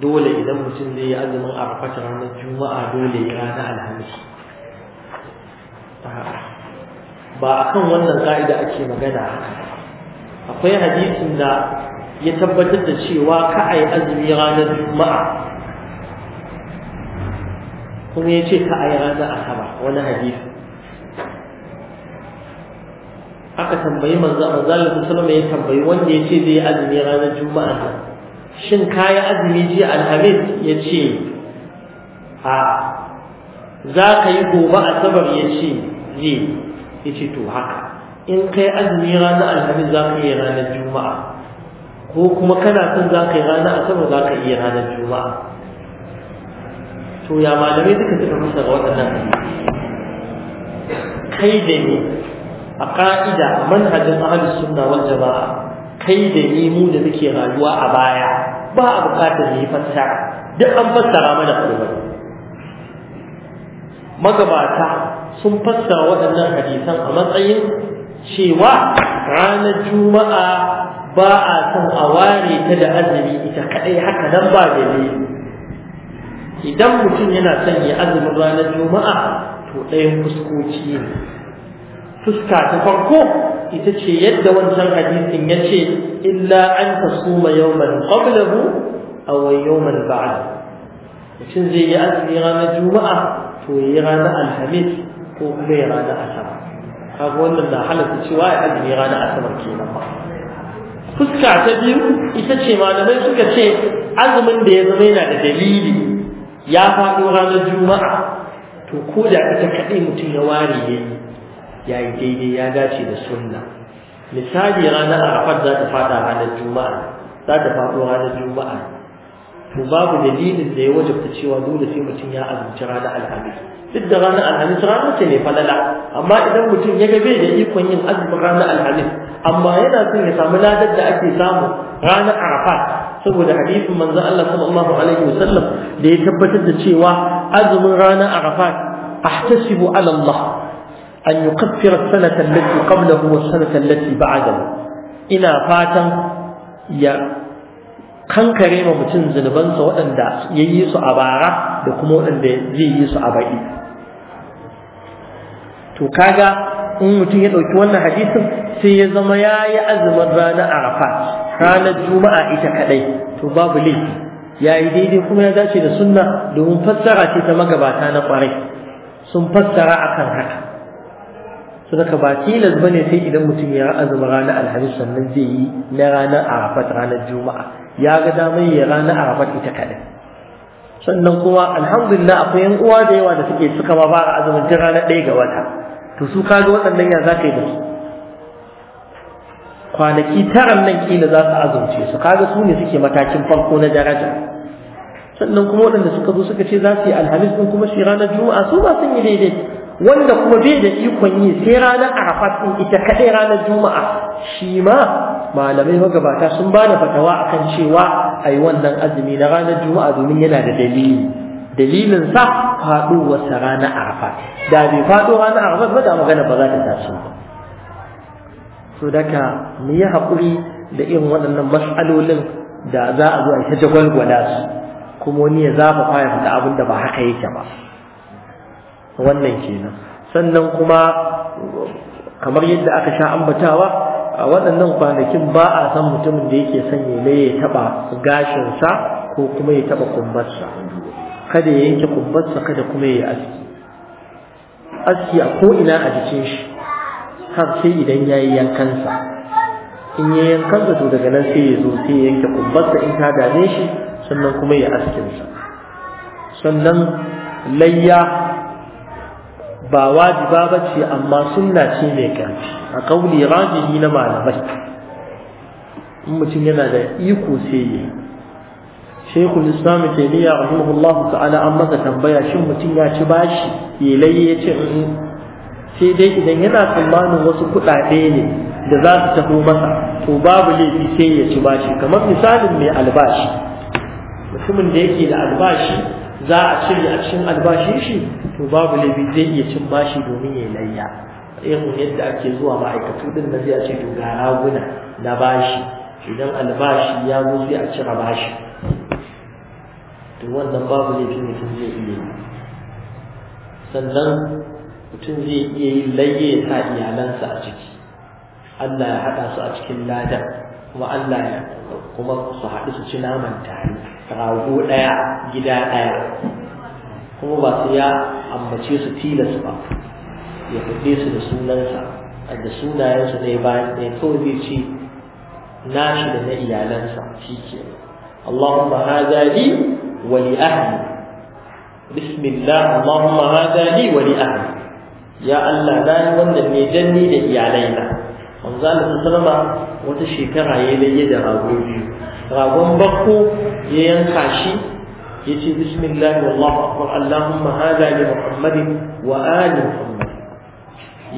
dole idan mutum zai yi azumin arafat ranar juma'a dole ya rana alhamis ba a kan wannan ka'ida ake magana akwai hadisin da ya tabbatar da cewa ka a yi azumi ranar juma'a kuma ya ce ka a yi ranar asaba wani hadisi aka tambayi manzo manzo Allah sallallahu ya tambayi wanda ya ce zai azumi ranar juma'a shin kayi azumi ji alhamis ya ce a za ka yi gobe asabar ya ce ne ya ce to haka in kai azumi ranar alhamis za ka yi ranar juma'a ko kuma kana son za ka yi ranar asabar za ka yi ranar juma'a to ya malamai duka suka fasa ga waɗannan kai da ni a ka'ida manhajin ahlus sunna wal jama'a kai da ni mu da muke rayuwa a baya ba a bukatar yi fassara duk an fassara mana kalmar magabata sun fassara waɗannan hadisan a matsayin cewa ranar juma'a ba a son a ware ta da azumi ita kaɗai haka nan ba da idan mutum yana son ya azumin ranar juma'a to ɗayan fuskoci ne fuska ta farko ita ce yadda wancan hadisin ya ce illa an ta suma yawman qablahu aw yawman ba'da mutum zai yi azumi ranar juma'a to yi ranar alhamis ko kuma ya ranar asabar kaga wannan na halatta cewa ya azumi ranar asabar kenan ba fuska ta biyu ita ce malamai suka ce azumin da ya zama yana da dalili ya faɗo ranar juma'a to ko da ita kaɗai mutum ya ware yayi ya yi daidai ya dace da sunna misali ranar arafat za ta fada ranar juma'a za ta faɗo ranar juma'a to babu dalilin da ya wajabta cewa dole sai mutum ya azumci ranar alhamis duk da ranar alhamis ranar ce ne falala amma idan mutum ya ga bai da ikon yin azumin ranar alhamis amma yana son ya samu ladar da ake samu ranar arafat saboda hadisin manzon Allah sallallahu alaihi wasallam da ya tabbatar da cewa azumin ranar arafat ahtasibu ala Allah أن يكفر السنة التي قبله والسنة التي بعده إنا فاتا يا kan kare ma mutum zunubansa waɗanda ya yi su a bara da kuma waɗanda zai yi su a baƙi to kaga in mutum ya ɗauki wannan hadisin sai ya zama ya yi azumin ranar arafa ranar juma'a ita kaɗai to babu laifi ya yi daidai kuma ya dace da sunna domin fassara ce ta magabata na ƙwarai sun fassara akan haka su daga ba tilas bane sai idan mutum ya azumi ranar alhamis sannan zai yi na ranar arafat ranar juma'a ya ga damar ya ranar arafat ita kaɗai sannan kuma alhamdulillah akwai yan uwa da yawa da suke suka ma ba azumin jin ranar ɗaya ga wata to su kaga waɗannan ya za ka yi da su kwanaki taran nan kila za su azumce su kaga su ne suke matakin farko na daraja sannan kuma waɗanda suka zo suka ce za su yi alhamis ɗin kuma shi ranar juma'a su ba sun yi daidai wanda kuma bai da ikon yi sai ranar arafat ɗin ita kaɗai ranar juma'a shi ma malamai magabata sun ba da fatawa akan cewa a yi wannan azumi na ranar juma'a domin yana da dalili dalilin sa faɗuwarsa ranar arafat da bai faɗo ranar arafat ba da magana ba za ta tashi ba so daga mu yi haƙuri da irin waɗannan matsalolin da za a zo a ta jagwalgwala su kuma wani ya zafa faya fita abin da ba haka yake ba wannan kenan sannan kuma kamar yadda aka sha ambatawa a waɗannan kwanakin ba a san mutumin da yake sanya ne ya taɓa gashinsa ko kuma ya taɓa kumbarsa kada ya yanke kumbarsa kada kuma ya yi aski aski a ko'ina a jikin shi har sai idan ya yi yankansa in ya yankansa to daga nan sai ya zo sai ya yanke kumbarsa in ta dame shi sannan kuma ya askinsa sannan layya ba wajiba ba ce amma sunna ce mai ƙarfi a ƙauli rajihi na malamai in mutum yana da iko sai yi shekul islam taimiyya rahimahullahu ta'ala an masa tambaya shin mutum ya ci bashi yelaye ya ce sai dai idan yana tsammanin wasu kuɗaɗe ne da za su tafi masa to babu laifi sai ya ci bashi kamar misalin mai albashi mutumin da yake da albashi za a cire a cikin albashin shi to babu laifi zai iya cin bashi domin ya layya irin yadda ake zuwa ma'aikatu din da zai ce to ga raguna na bashi idan albashi ya zo sai a cira bashi to wannan babu laifi mutum zai iya sannan mutum zai iya yin layye ya sa iyalansa a ciki Allah ya haɗa su a cikin ladan kuma Allah ya kuma su haɗu su ci naman tare rago ɗaya gida ɗaya kuma ba su ya ambace su tilas ba ya faɗe su da sunansa da sunayensu ne ba ne kawai zai ce nashi da na iyalansa shi ke اللهم هذا لي ولأهلي بسم الله اللهم هذا لي ولأهلي يا الله لا wannan ne danni da iyalaina manzo Allah sallama wata shekara yayi da rago biyu ragon bakko ya yanka shi yace bismillah wallahu akbar allahumma hada li muhammadin wa ali muhammad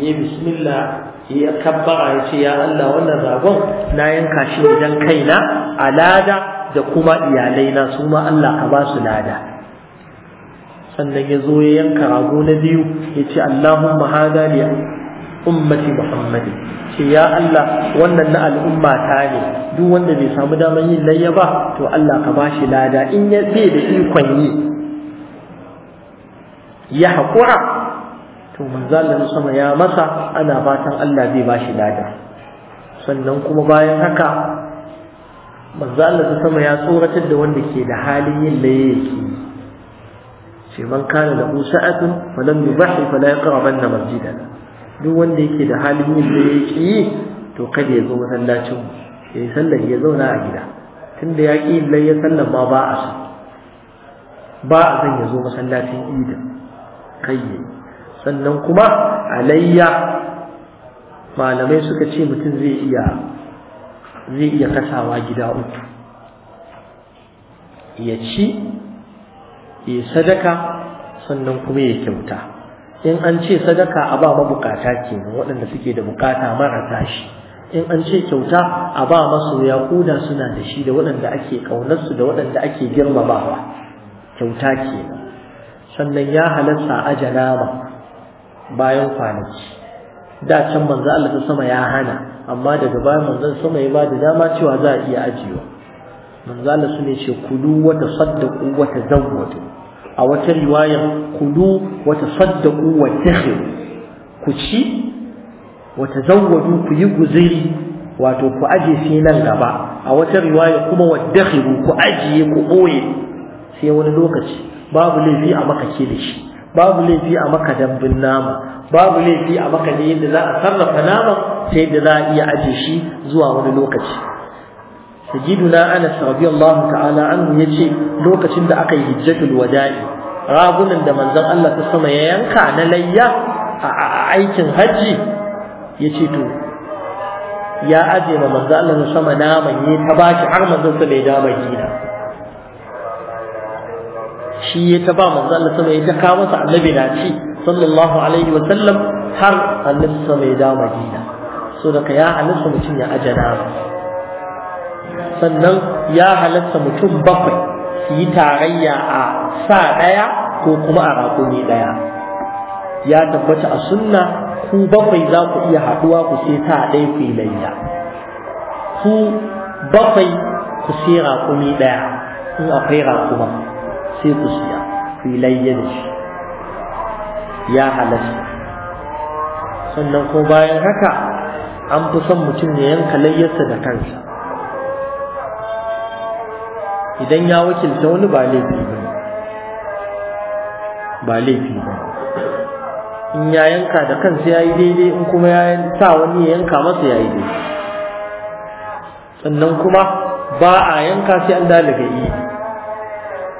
yi bismillah ya kabbara yace ya Allah wannan ragon na yanka shi idan kaina alada da kuma iyalaina su ma Allah ka ba su lada sannan ya zo ya yanka rago na biyu Yace Allahumma hada li ummati Muhammadin ce ya Allah wannan na al'umma ta ne duk wanda bai samu daman yin layya ba to Allah ka bashi lada in ya bai da ikon yi ya haƙura to manzalin sama ya masa ana fatan Allah zai bashi lada sannan kuma bayan haka manzalin sama ya tsoratar da wanda ke da halin yin layyaki yake ce man kana da sa'atun falam yubahi fala yaqrabanna masjidana duk wanda yake da halin yin da yake yi to kada ya zo masallacin ya yi sallar ya zauna a gida tunda ya ƙi yin ya sallar ma ba a so ba a zan ya zo masallacin idi kai yi sannan kuma alayya malamai suka ce mutum zai iya zai iya kasawa gida uku ya ci ya sadaka sannan kuma ya kyauta in an ce sadaka a ba mabukata kenan waɗanda suke da bukata mara tashi, in an ce kyauta a ba masoya kuda suna da shi da waɗanda ake ƙaunarsu da waɗanda ake girmamawa kyauta kenan sannan ya halatta a janama bayan kwanaki da can manzo Allah ta sama ya hana amma daga bayan manzon sama ya ba da dama cewa za a iya ajiyewa manzo Allah su ne ce kulu wata saddaqu wata zawwatu a wata riwayar kudu wa tasaddaqu wa ku ci wata tazawwadu ku yi guziri wato ku aje sai nan gaba a wata riwaya kuma wa ku ajiye ku ɓoye, sai wani lokaci babu laifi a maka ke da shi babu laifi a maka dambin nama babu laifi a maka ne yadda za a sarrafa nama sai da za a iya aje shi zuwa wani lokaci سيدنا أنس رضي الله تعالى عنه يجي لوكا شند أقي هجة الوداع راغنا دا منزل الله تسمى ينكع نليا أعيكن هجي يجي تو يا أجي ما منزل الله تسمى ناما يتباكي عرما زلت ليدا مدينة shi ya ta ba manzo Allah sama ya ta kawo masa annabi na ci sallallahu alaihi wa sallam har annabi sama ya da Madina so da ya annabi mutum ya ajana sannan ya halatta mutum bakwai su yi tarayya a sa ɗaya ko kuma a raƙumi ɗaya ya tabbata a sunna ku bakwai za ku iya haɗuwa ku sai ta ɗaya ku yi layya ku bakwai ku sai raƙumi ɗaya in akwai raƙuma sai ku siya ku yi layya da shi ya halatta sannan ko bayan haka an fi son mutum ya yanka layyarsa da kansa idan ya wakilta wani ba laifi ba ba laifi ba in ya yanka da kansa ya yi daidai in kuma ya sa wani ya yanka masa ya yi daidai sannan kuma ba a yanka sai an dalaga yi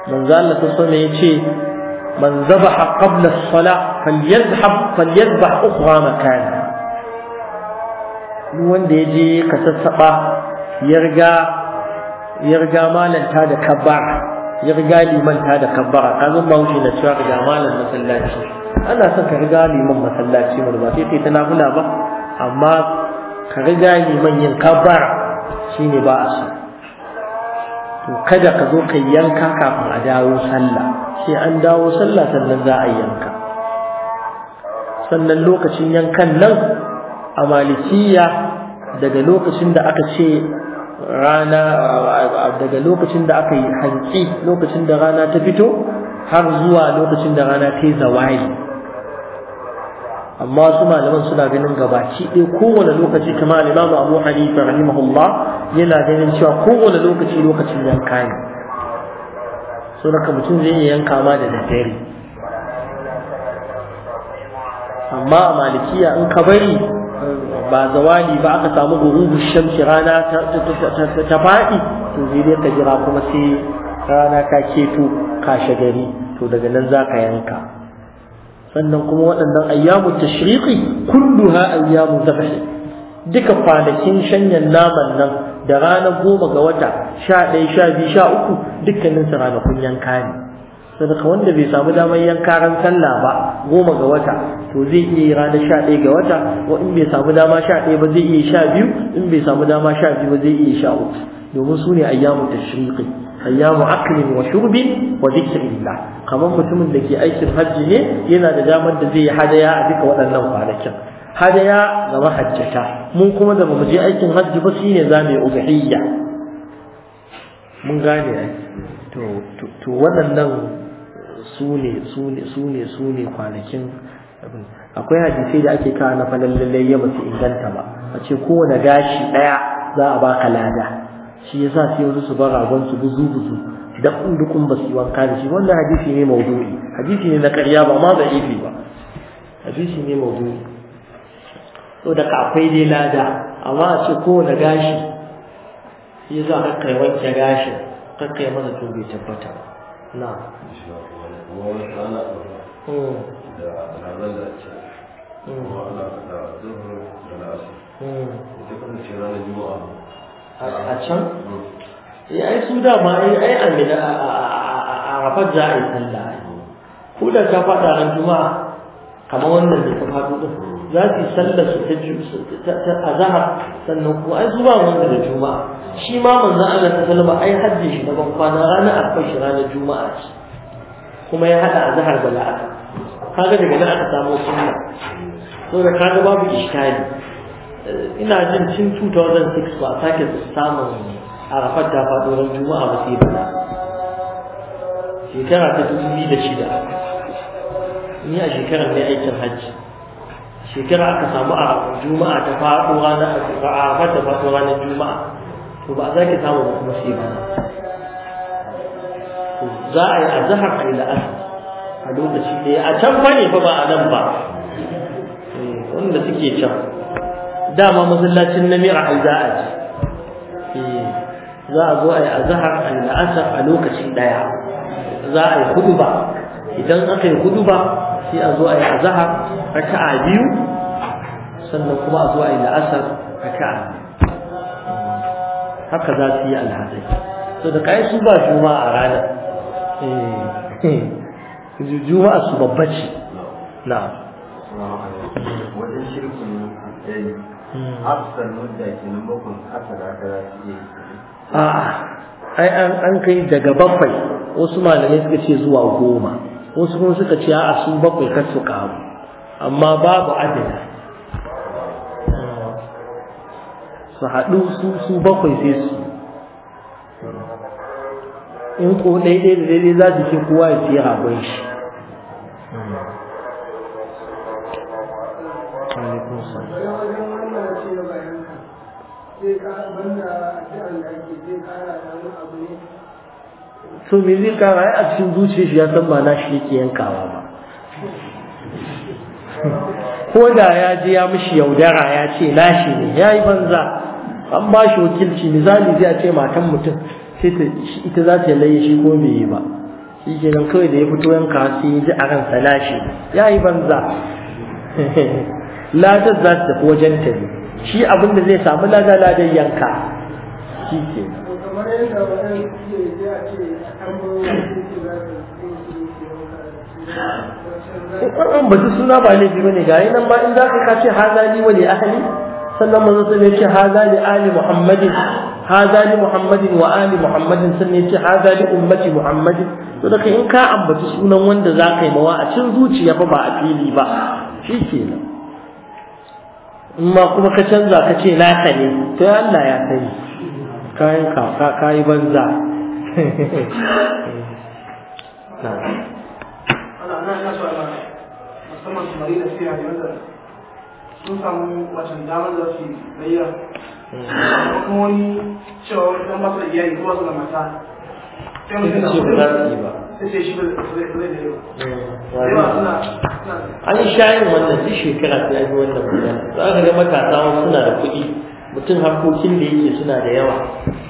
manzo Allah ta so ya ce man zabaha qabla as-salah falyadhhab falyadhbah ukhra makana wanda ya je ka sassaba ya riga ya riga ta da kabbara ya riga ta da kabara ka zan bauchi na cewa riga malan masallaci ana son ka riga liman masallaci mu ba sai kai ta nafila ba amma ka riga liman yin kabbara shine ba a so to kada ka zo kai yanka kafin a dawo sallah sai an dawo sallah sannan za a yanka sannan lokacin yankan nan a malikiya daga lokacin da aka ce rana daga lokacin da aka yi hanci lokacin da rana ta fito har zuwa lokacin da rana ta yi zawayi amma su malaman suna ganin gabaci ɗaya kowane lokaci kama alimamu abu hanifa rahimahullah yana ganin cewa kowane lokaci lokacin yanka ne so naka mutum zai iya yanka ma da daddare amma a malikiya in ka bari ba zawali ba aka samu gurubu shamsi rana ta faɗi to zai dai ka jira kuma sai rana ka keto kashe gari to daga nan za ka yanka sannan kuma waɗannan ayyamu tashriqi kulluha ayyamu dhabhi duka kwanakin shanyan naman nan da rana goma ga wata sha ɗaya sha biyu sha uku dukkanin su ranakun yanka ne sadaka wanda bai samu damar yankaran sallah ba goma ga wata to zai iya yi ranar sha ɗaya ga wata ko in bai samu dama sha ɗaya ba zai iya sha biyu in bai samu dama sha biyu ba zai iya sha uku domin su ne ayyamu tashriqi ayyamu aklin wa shurbin wa dhikrillah kamar mutumin da ke aikin hajji ne yana da damar da zai yi hadaya a duka waɗannan kwanakin hadaya ga mahajjata mun kuma da bamu je aikin hajji ba shine mu yi ubahiyya mun gane ai to to waɗannan su ne su ne kwanakin akwai hadisai da ake kawo na falallallai ya mutu inganta ba a ce kowane gashi ɗaya za a baka lada shi ya sa sai wasu su bar ragon su buzu buzu da dukun ba su yi wanka da shi wannan hadisi ne maudu'i hadisi ne na ƙarya ba ma da ibi ba hadisi ne maudu'i to da akwai dai lada amma a ce kowane gashi shi ya sa kakkai wanke gashin kakkai masa to bai tabbata ba na'am a can ya eh, ai su dama ai ai amina a rafar za a yi sallah ko da ka faɗa ran juma'a kamar wannan da ta faɗo din za su yi sallah su ta azahar sannan kuma ai zuwa wanda da juma'a shi ma manzo Allah ta sallama ai hajji shi na ban kwana ranar akwai shi ranar juma'a ce kuma ya haɗa a zahar da Ka kaga daga nan aka samu sunna da kaga babu iskali eh, ina jin cin 2006 ba sake samu arafat ta faɗo ran juma'a ba sai ba shekara ta da shida. ni a shekarar ne aikin hajji shekara aka samu a juma'a ta faɗo ranar arafat ta faɗo ranar juma'a to ba za ki samu ba kuma sai ba za a yi a zahar a la'asar a lokaci ɗaya a can fa ne fa ba a nan ba eh, wanda suke can dama masallacin namira ai za a ji eh, za a zo a yi a zahar a la'asar a lokaci ɗaya za a yi ba. idan aka yi ba, sai a zo a yi a zahar azhar a biyu sannan kuma a zo a yi la'asar raka'a haka za su yi alhadai so da kai su ba juma'a a ranar Eh, eh. juma'a su babba ce na wajen shirkun yayi afsar mudda kenan bakon asara kara yi a ai an an kai daga bakwai wasu malamai suka ce zuwa goma wasu kuma suka ce a su bakwai kar su karu amma babu adana hmm. su haɗu su bakwai sai su in ko daidai da daidai za su ce kowa ya siya ragon shi so me zai kara a cikin zuciya shi ya san ba na shi yake yankawa ba ko da ya je ya mishi yaudara ya ce na shi ne ya yi banza an ba shi wakilci misali zai ce matan mutum ita za ta laye shi ko bai yi ba shi ke nan kawai da ya fito yan sai ya ji a ran salashi. ya yi banza ladar za ta tafi wajen ta ne shi abin da zai samu lada ladar yanka shi ke an su suna ba laifi bane ga nan ba in za ka kace hazali wani ahali sannan manzo ya ce hazali ali muhammadin haza li muhammadin wa ali muhammadin sannan ce haza li ummati muhammadin to daga in ka ambaci sunan wanda za ka yi mawa a cin zuciya fa ba a fili ba shi kenan in ma kuma ka canza ka ce naka ne to Allah ya sani kayan ka kayi banza musamman su mari da siya da sun samu wajen damar da su bayyana kuma cewa wani da da da yawa eh, an sha yin wannan duk shekara ta yi wannan za ka ga matasa suna da kuɗi mutum harkokin da yake suna da yawa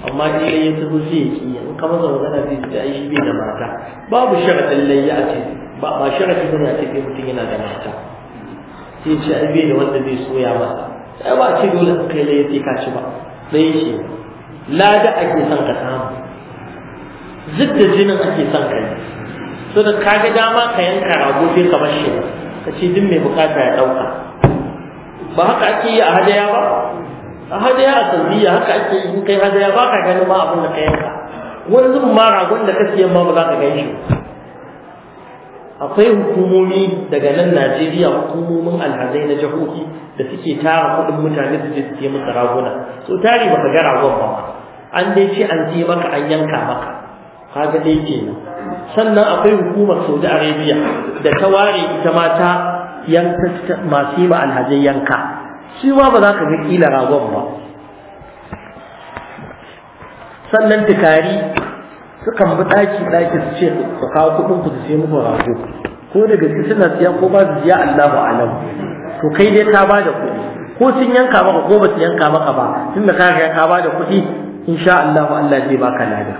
amma in ya tafi zai ya ki in ka zama zana zai ji ai bai da mata babu sharadin layya a ce ba ba sharadi a ce mutum yana da mata sai ce ai bai da wanda zai soya masa sai ba ce dole in kai laifi ka ci ba ya ce lada ake son ka samu zid da jinin ake son ka yi so da ka ga dama ka yanka rago sai ka bar shi ka ce duk mai bukata ya ɗauka ba haka ake yi a hadaya ba a hadaya a saudiya haka ake yi in kai hadaya ba ka gani ma abin da ka yanka wani zubin ma ragon da ka siyan ma ba za ka gan shi akwai hukumomi daga nan Najeriya hukumomin alhazai na jihohi da suke tara kuɗin mutane da je su musu raguna so tari ka ga ragon ba an dai ce an je maka an yanka maka kaga dai kenan sannan akwai hukumar Saudi Arabia da ta ware ita ma ta yanka masu yi alhazai yanka shi ma ba za ka ga kila ragon ba sannan tukari sukan bi ɗaki ɗaki su ce ku kawo kuɗin ku su sai muku rago ko daga gaske suna siya ko ba su siya Allahu alam to kai dai ka bada kuɗi ko sun yanka maka ko ba su yanka maka ba tunda ka ga ka bada kuɗi insha Allahu Allah zai baka lada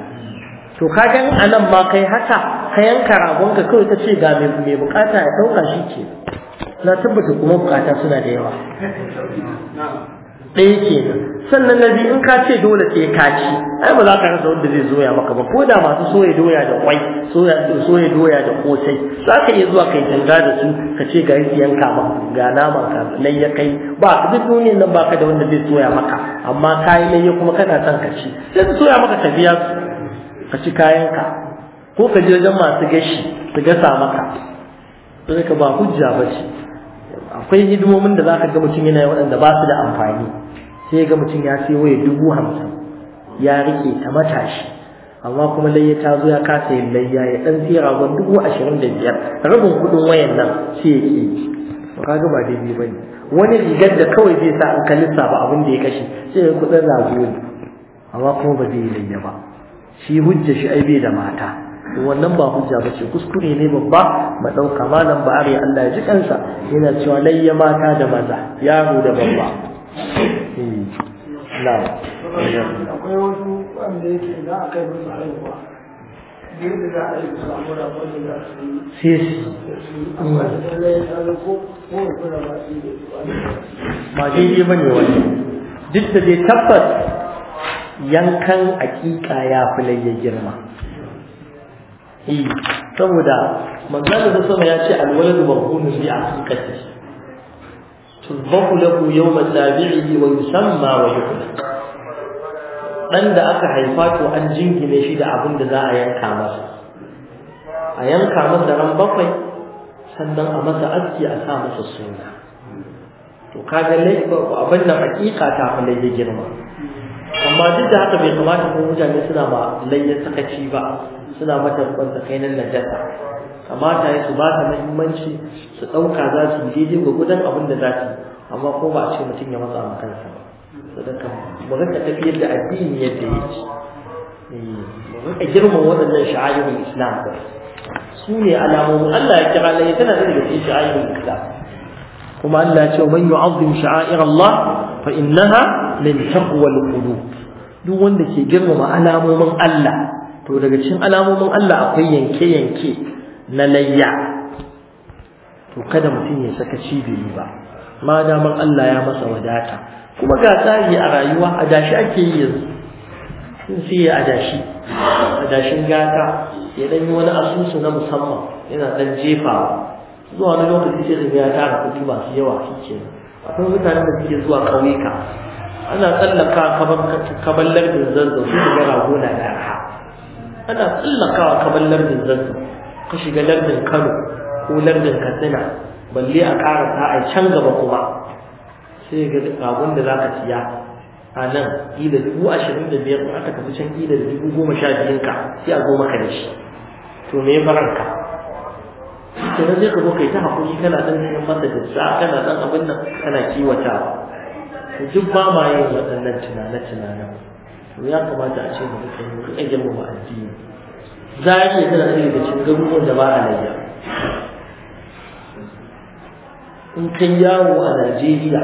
to ka ga a nan ma kai haka ka yanka ragon ka kawai ta ce ga mai bukata ya ɗauka shi ke na tabbata kuma bukata suna da yawa ɗaya kenan sannan na biyu in ka ce dole sai ka ci ai ba za ka rasa wanda zai zoya maka ba ko da masu soya doya da kwai soya doya da kosai za ka iya zuwa kai tanga da su ka ce ga yanzu yanka ma ga naman ka nan ya kai ba duk duniyar nan baka da wanda zai soya maka amma yi lai ya kuma kana son ka ci sai su soya maka ka biya su ka ci kayan ka ko ka je wajen masu gashi su gasa maka sai ka ba hujja ba ce akwai hidimomin da za ka ga mutum yana waɗanda ba su da amfani sai ga mutum ya sai waya dubu hamsin ya rike ta matashi amma kuma layya ta zo ya kasa yin layya ya ɗan sai ragon dubu ashirin da biyar rabin kuɗin wayan nan sai ya ke kaga ba daidai ba ne wani rigar da kawai zai sa an kalista ba abin da ya kashe sai ya kuɗin rago amma kuma ba zai yi layya ba shi hujja shi ai bai da mata wannan ba hujja ba ce kuskure ne babba ba ɗauka malam ba are Allah ya ji kansa yana cewa layya mata da maza yaro da babba hmm. akwai wasu wanda za a yi su samu da su yi amma da ko ko su yi ba daidai ba ne wani duk da dai tabbas yankan aƙiƙa ya fi layya girma Eh, saboda manzalin da sama ya ce alwalad mabhunun bi aqiqati tudbahu lahu yawm tabi'ihi wa yusamma wa yuhlaq dan da aka haifa to an jingine shi da abin da za a yanka masa a yanka masa ran bakwai sannan a masa aski a sa masa suna to kaga laifi abin da hakika ta fi girma amma duk da haka bai kamata ko mutane suna ba layyar sakaci ba suna mata rukun tsakainan najasa kamata ya su ba ta muhimmanci su ɗauka za su yi daidai ga gudan abin da za su amma ko ba a ce mutum ya matsa ma kansa ba sadaka mu rika tafiyar da addini yadda yake eh, mu rika girman waɗannan sha'airul islam ba su ne alamomin Allah ya kira lai tana da daga cikin sha'airul islam kuma Allah ya ce man yu'azzim sha'air Allah fa innaha min taqwal qulub duk wanda ke girmama alamomin Allah to daga cikin alamomin Allah akwai yanke-yanke na layya to kada mutum ya saka cibiyi ba ma daman Allah ya masa wadata kuma ga tsari a rayuwa a dashi ake yi yanzu sun sai adashi adashin gata ya dan yi wani asusu na musamman yana dan jefa zuwa wani lokaci sai ya tara kuɗi masu yawa shi akwai mutane da suke zuwa ƙauyuka ana tsallaka kaban kaballar da zanzan su da gara gona daya ana tsallakawa kamar lardin zazzau ka shiga lardin kano ko lardin katsina balle a ƙara sa'a can gaba kuma sai ga abin da za ka siya a nan ƙila dubu ashirin da biyar ko aka tafi can ƙila da dubu goma sha biyun ka sai a zo maka da shi to me ya faranka sai zai ka zo kai ta haƙuri kana ɗan sayan masa da kana ɗan abin nan kana kiwatawa duk ba ma yin waɗannan tunane-tunanen to ya kamata a ce mu duka yi duka girmama addini zariya tana ɗaya da cikin garuruwan da ba a layya in kai yawo a najeriya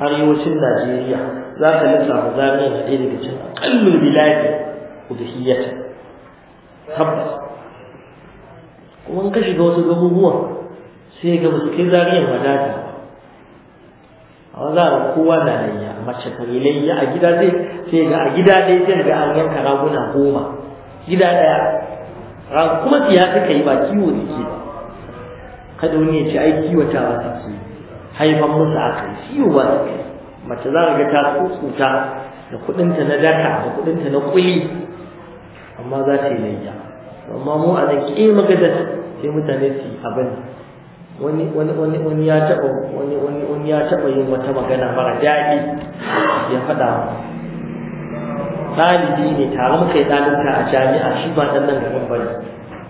arewacin najeriya za ka lissafa zariya na ɗaya daga cikin aƙallin biladi uduhiyyata tabbas kuma in ka shiga wasu garuruwan sai ga ba su kai zariyar wadata an za kowa na layya mace ta layya a gida zai sai ga a gida ɗaya zai ga an yanka raguna goma gida ɗaya kuma siya suka yi ba kiwo ke ba kada wani ya ce ai kiwatawa ke, haifan musu a kan kiwo ba su ke. mace za ka ga ta tsutsuta da kuɗinta na daka da kuɗinta na kuli amma za ta yi layya amma mu a nan ƙi magadar sai mutane su yi abin wani wani wani wani ya taba wani wani wani ya taba yin wata magana mara daɗi ya faɗa ɗalibi ne tare muka yi ɗalibta a jami'a shi ba ɗan nan gaban bane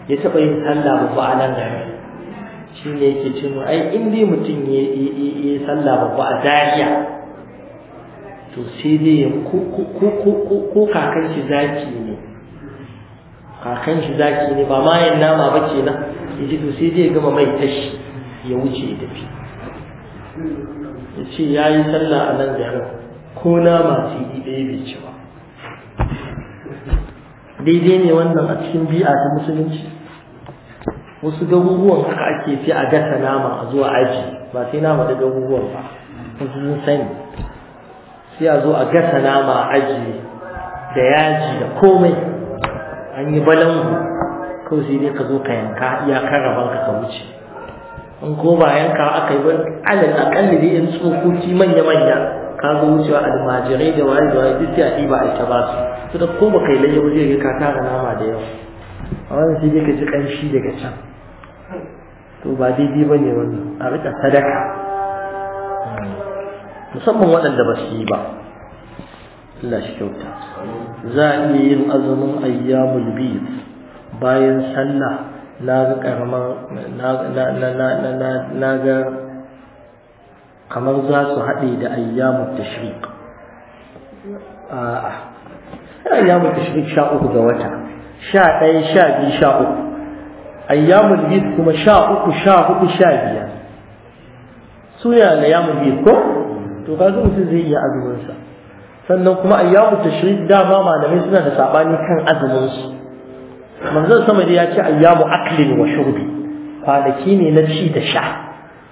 ya taba yin sallah babba a nan gari shi ne yake cin ai in dai mutum ya yi sallah babba a zariya to sai dai ya ko kakan shi zaki ne kakan shi zaki ne ba ma yin nama ba kenan yaji to sai dai ya gama mai tashi ya wuce ya tafi ya ce ya yi sallah a nan garin ko nama tidi ɗaya bai ci ba daidai ne wannan a cikin bi'a ta musulunci wasu garuruwan haka ake fi a gasa nama a zuwa aji ba sai nama da garuruwan ba sun sani sai a zo a gasa nama a aji da yaji da komai an yi balangu kawai sai dai ka zo ka yanka ya karaban ka ka wuce in ko ba yanka aka yi ba alal akalli ne in tsokoki manya-manya ka zo wucewa almajirai da wani da waye duk sai a a ta ba su to da ko ba kai lalle ba zai ka tara nama da yawa a wannan sai dai ka ji ƙanshi daga can to ba daidai ba ne wannan a rika sadaka musamman waɗanda ba su yi ba Allah shi kyauta za a iya yin azumin ayyamul biyu bayan sallah na ga karamar na ga kamar za su haɗe da ayyamun tashrik ayyamun tashrik sha uku ga wata sha ɗaya sha biyu sha uku ayyamun bid kuma sha uku sha huɗu sha biyar su ya ga yamun bid ko to mutum zai iya azuminsa sannan kuma ayyamun tashrik dama malamai suna da saɓani kan azuminsu manzon sama ya ce ayyamu aklin wa shurbi kwanaki ne na ci da sha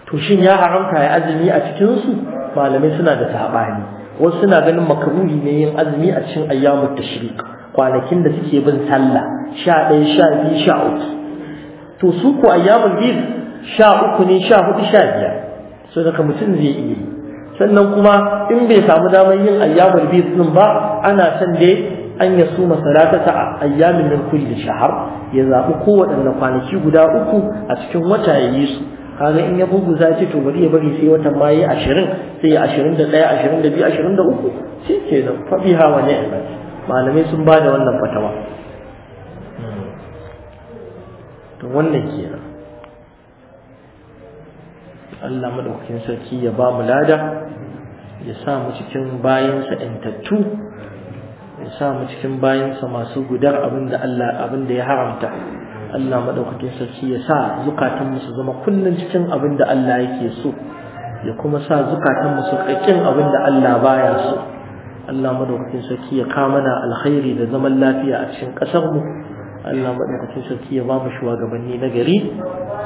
to shin ya haramta ya azumi a cikin su malamai suna da sabani wasu suna ganin makruhi ne yin azumi a cikin ayyamu tashriq kwanakin da suke bin sallah sha ɗaya sha biyu sha uku to su ko ayyamu bid sha uku ne sha hudu sha biyar so daga mutum zai iya sannan kuma in bai samu damar yin ayyamu bid ɗin ba ana son dai an ya suma salatata ayyamin min kulli shahar ya zabi kowaɗanne kwanaki guda uku a cikin wata ya yi su kaga in ya bugu ce to bari ya bari sai watan mai 20 ashirin sai 21 ashirin da ɗaya ashirin da biyu ashirin da uku ke hawa ne malamai sun ba da wannan fatawa to wannan kenan Allah madaukakin sarki ya ba mu lada ya sa mu cikin bayansa intattu ya sa mu cikin bayansa masu gudar abin da Allah abin da ya haramta Allah madaukakin sarki ya sa zukatan su zama kullun cikin abin da Allah yake so ya kuma sa zukatan mu su kakkin abin da Allah baya so Allah madaukakin sarki ya kamana mana alkhairi da zaman lafiya a cikin kasar mu Allah madaukakin sarki ya bamu shugabanni na gari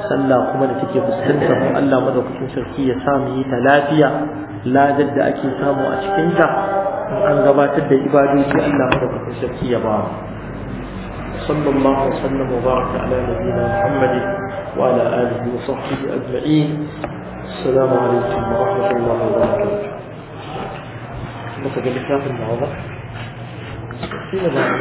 sallah kuma da take fuskanta mu Allah madaukakin sarki ya sa mu yi ta lafiya ladar da ake samu a cikin ta an gabatar da ibadoji Allah madaukakin sarki ya ba صلى الله وسلم وبارك على نبينا محمد وعلى اله وصحبه اجمعين السلام عليكم ورحمه الله وبركاته.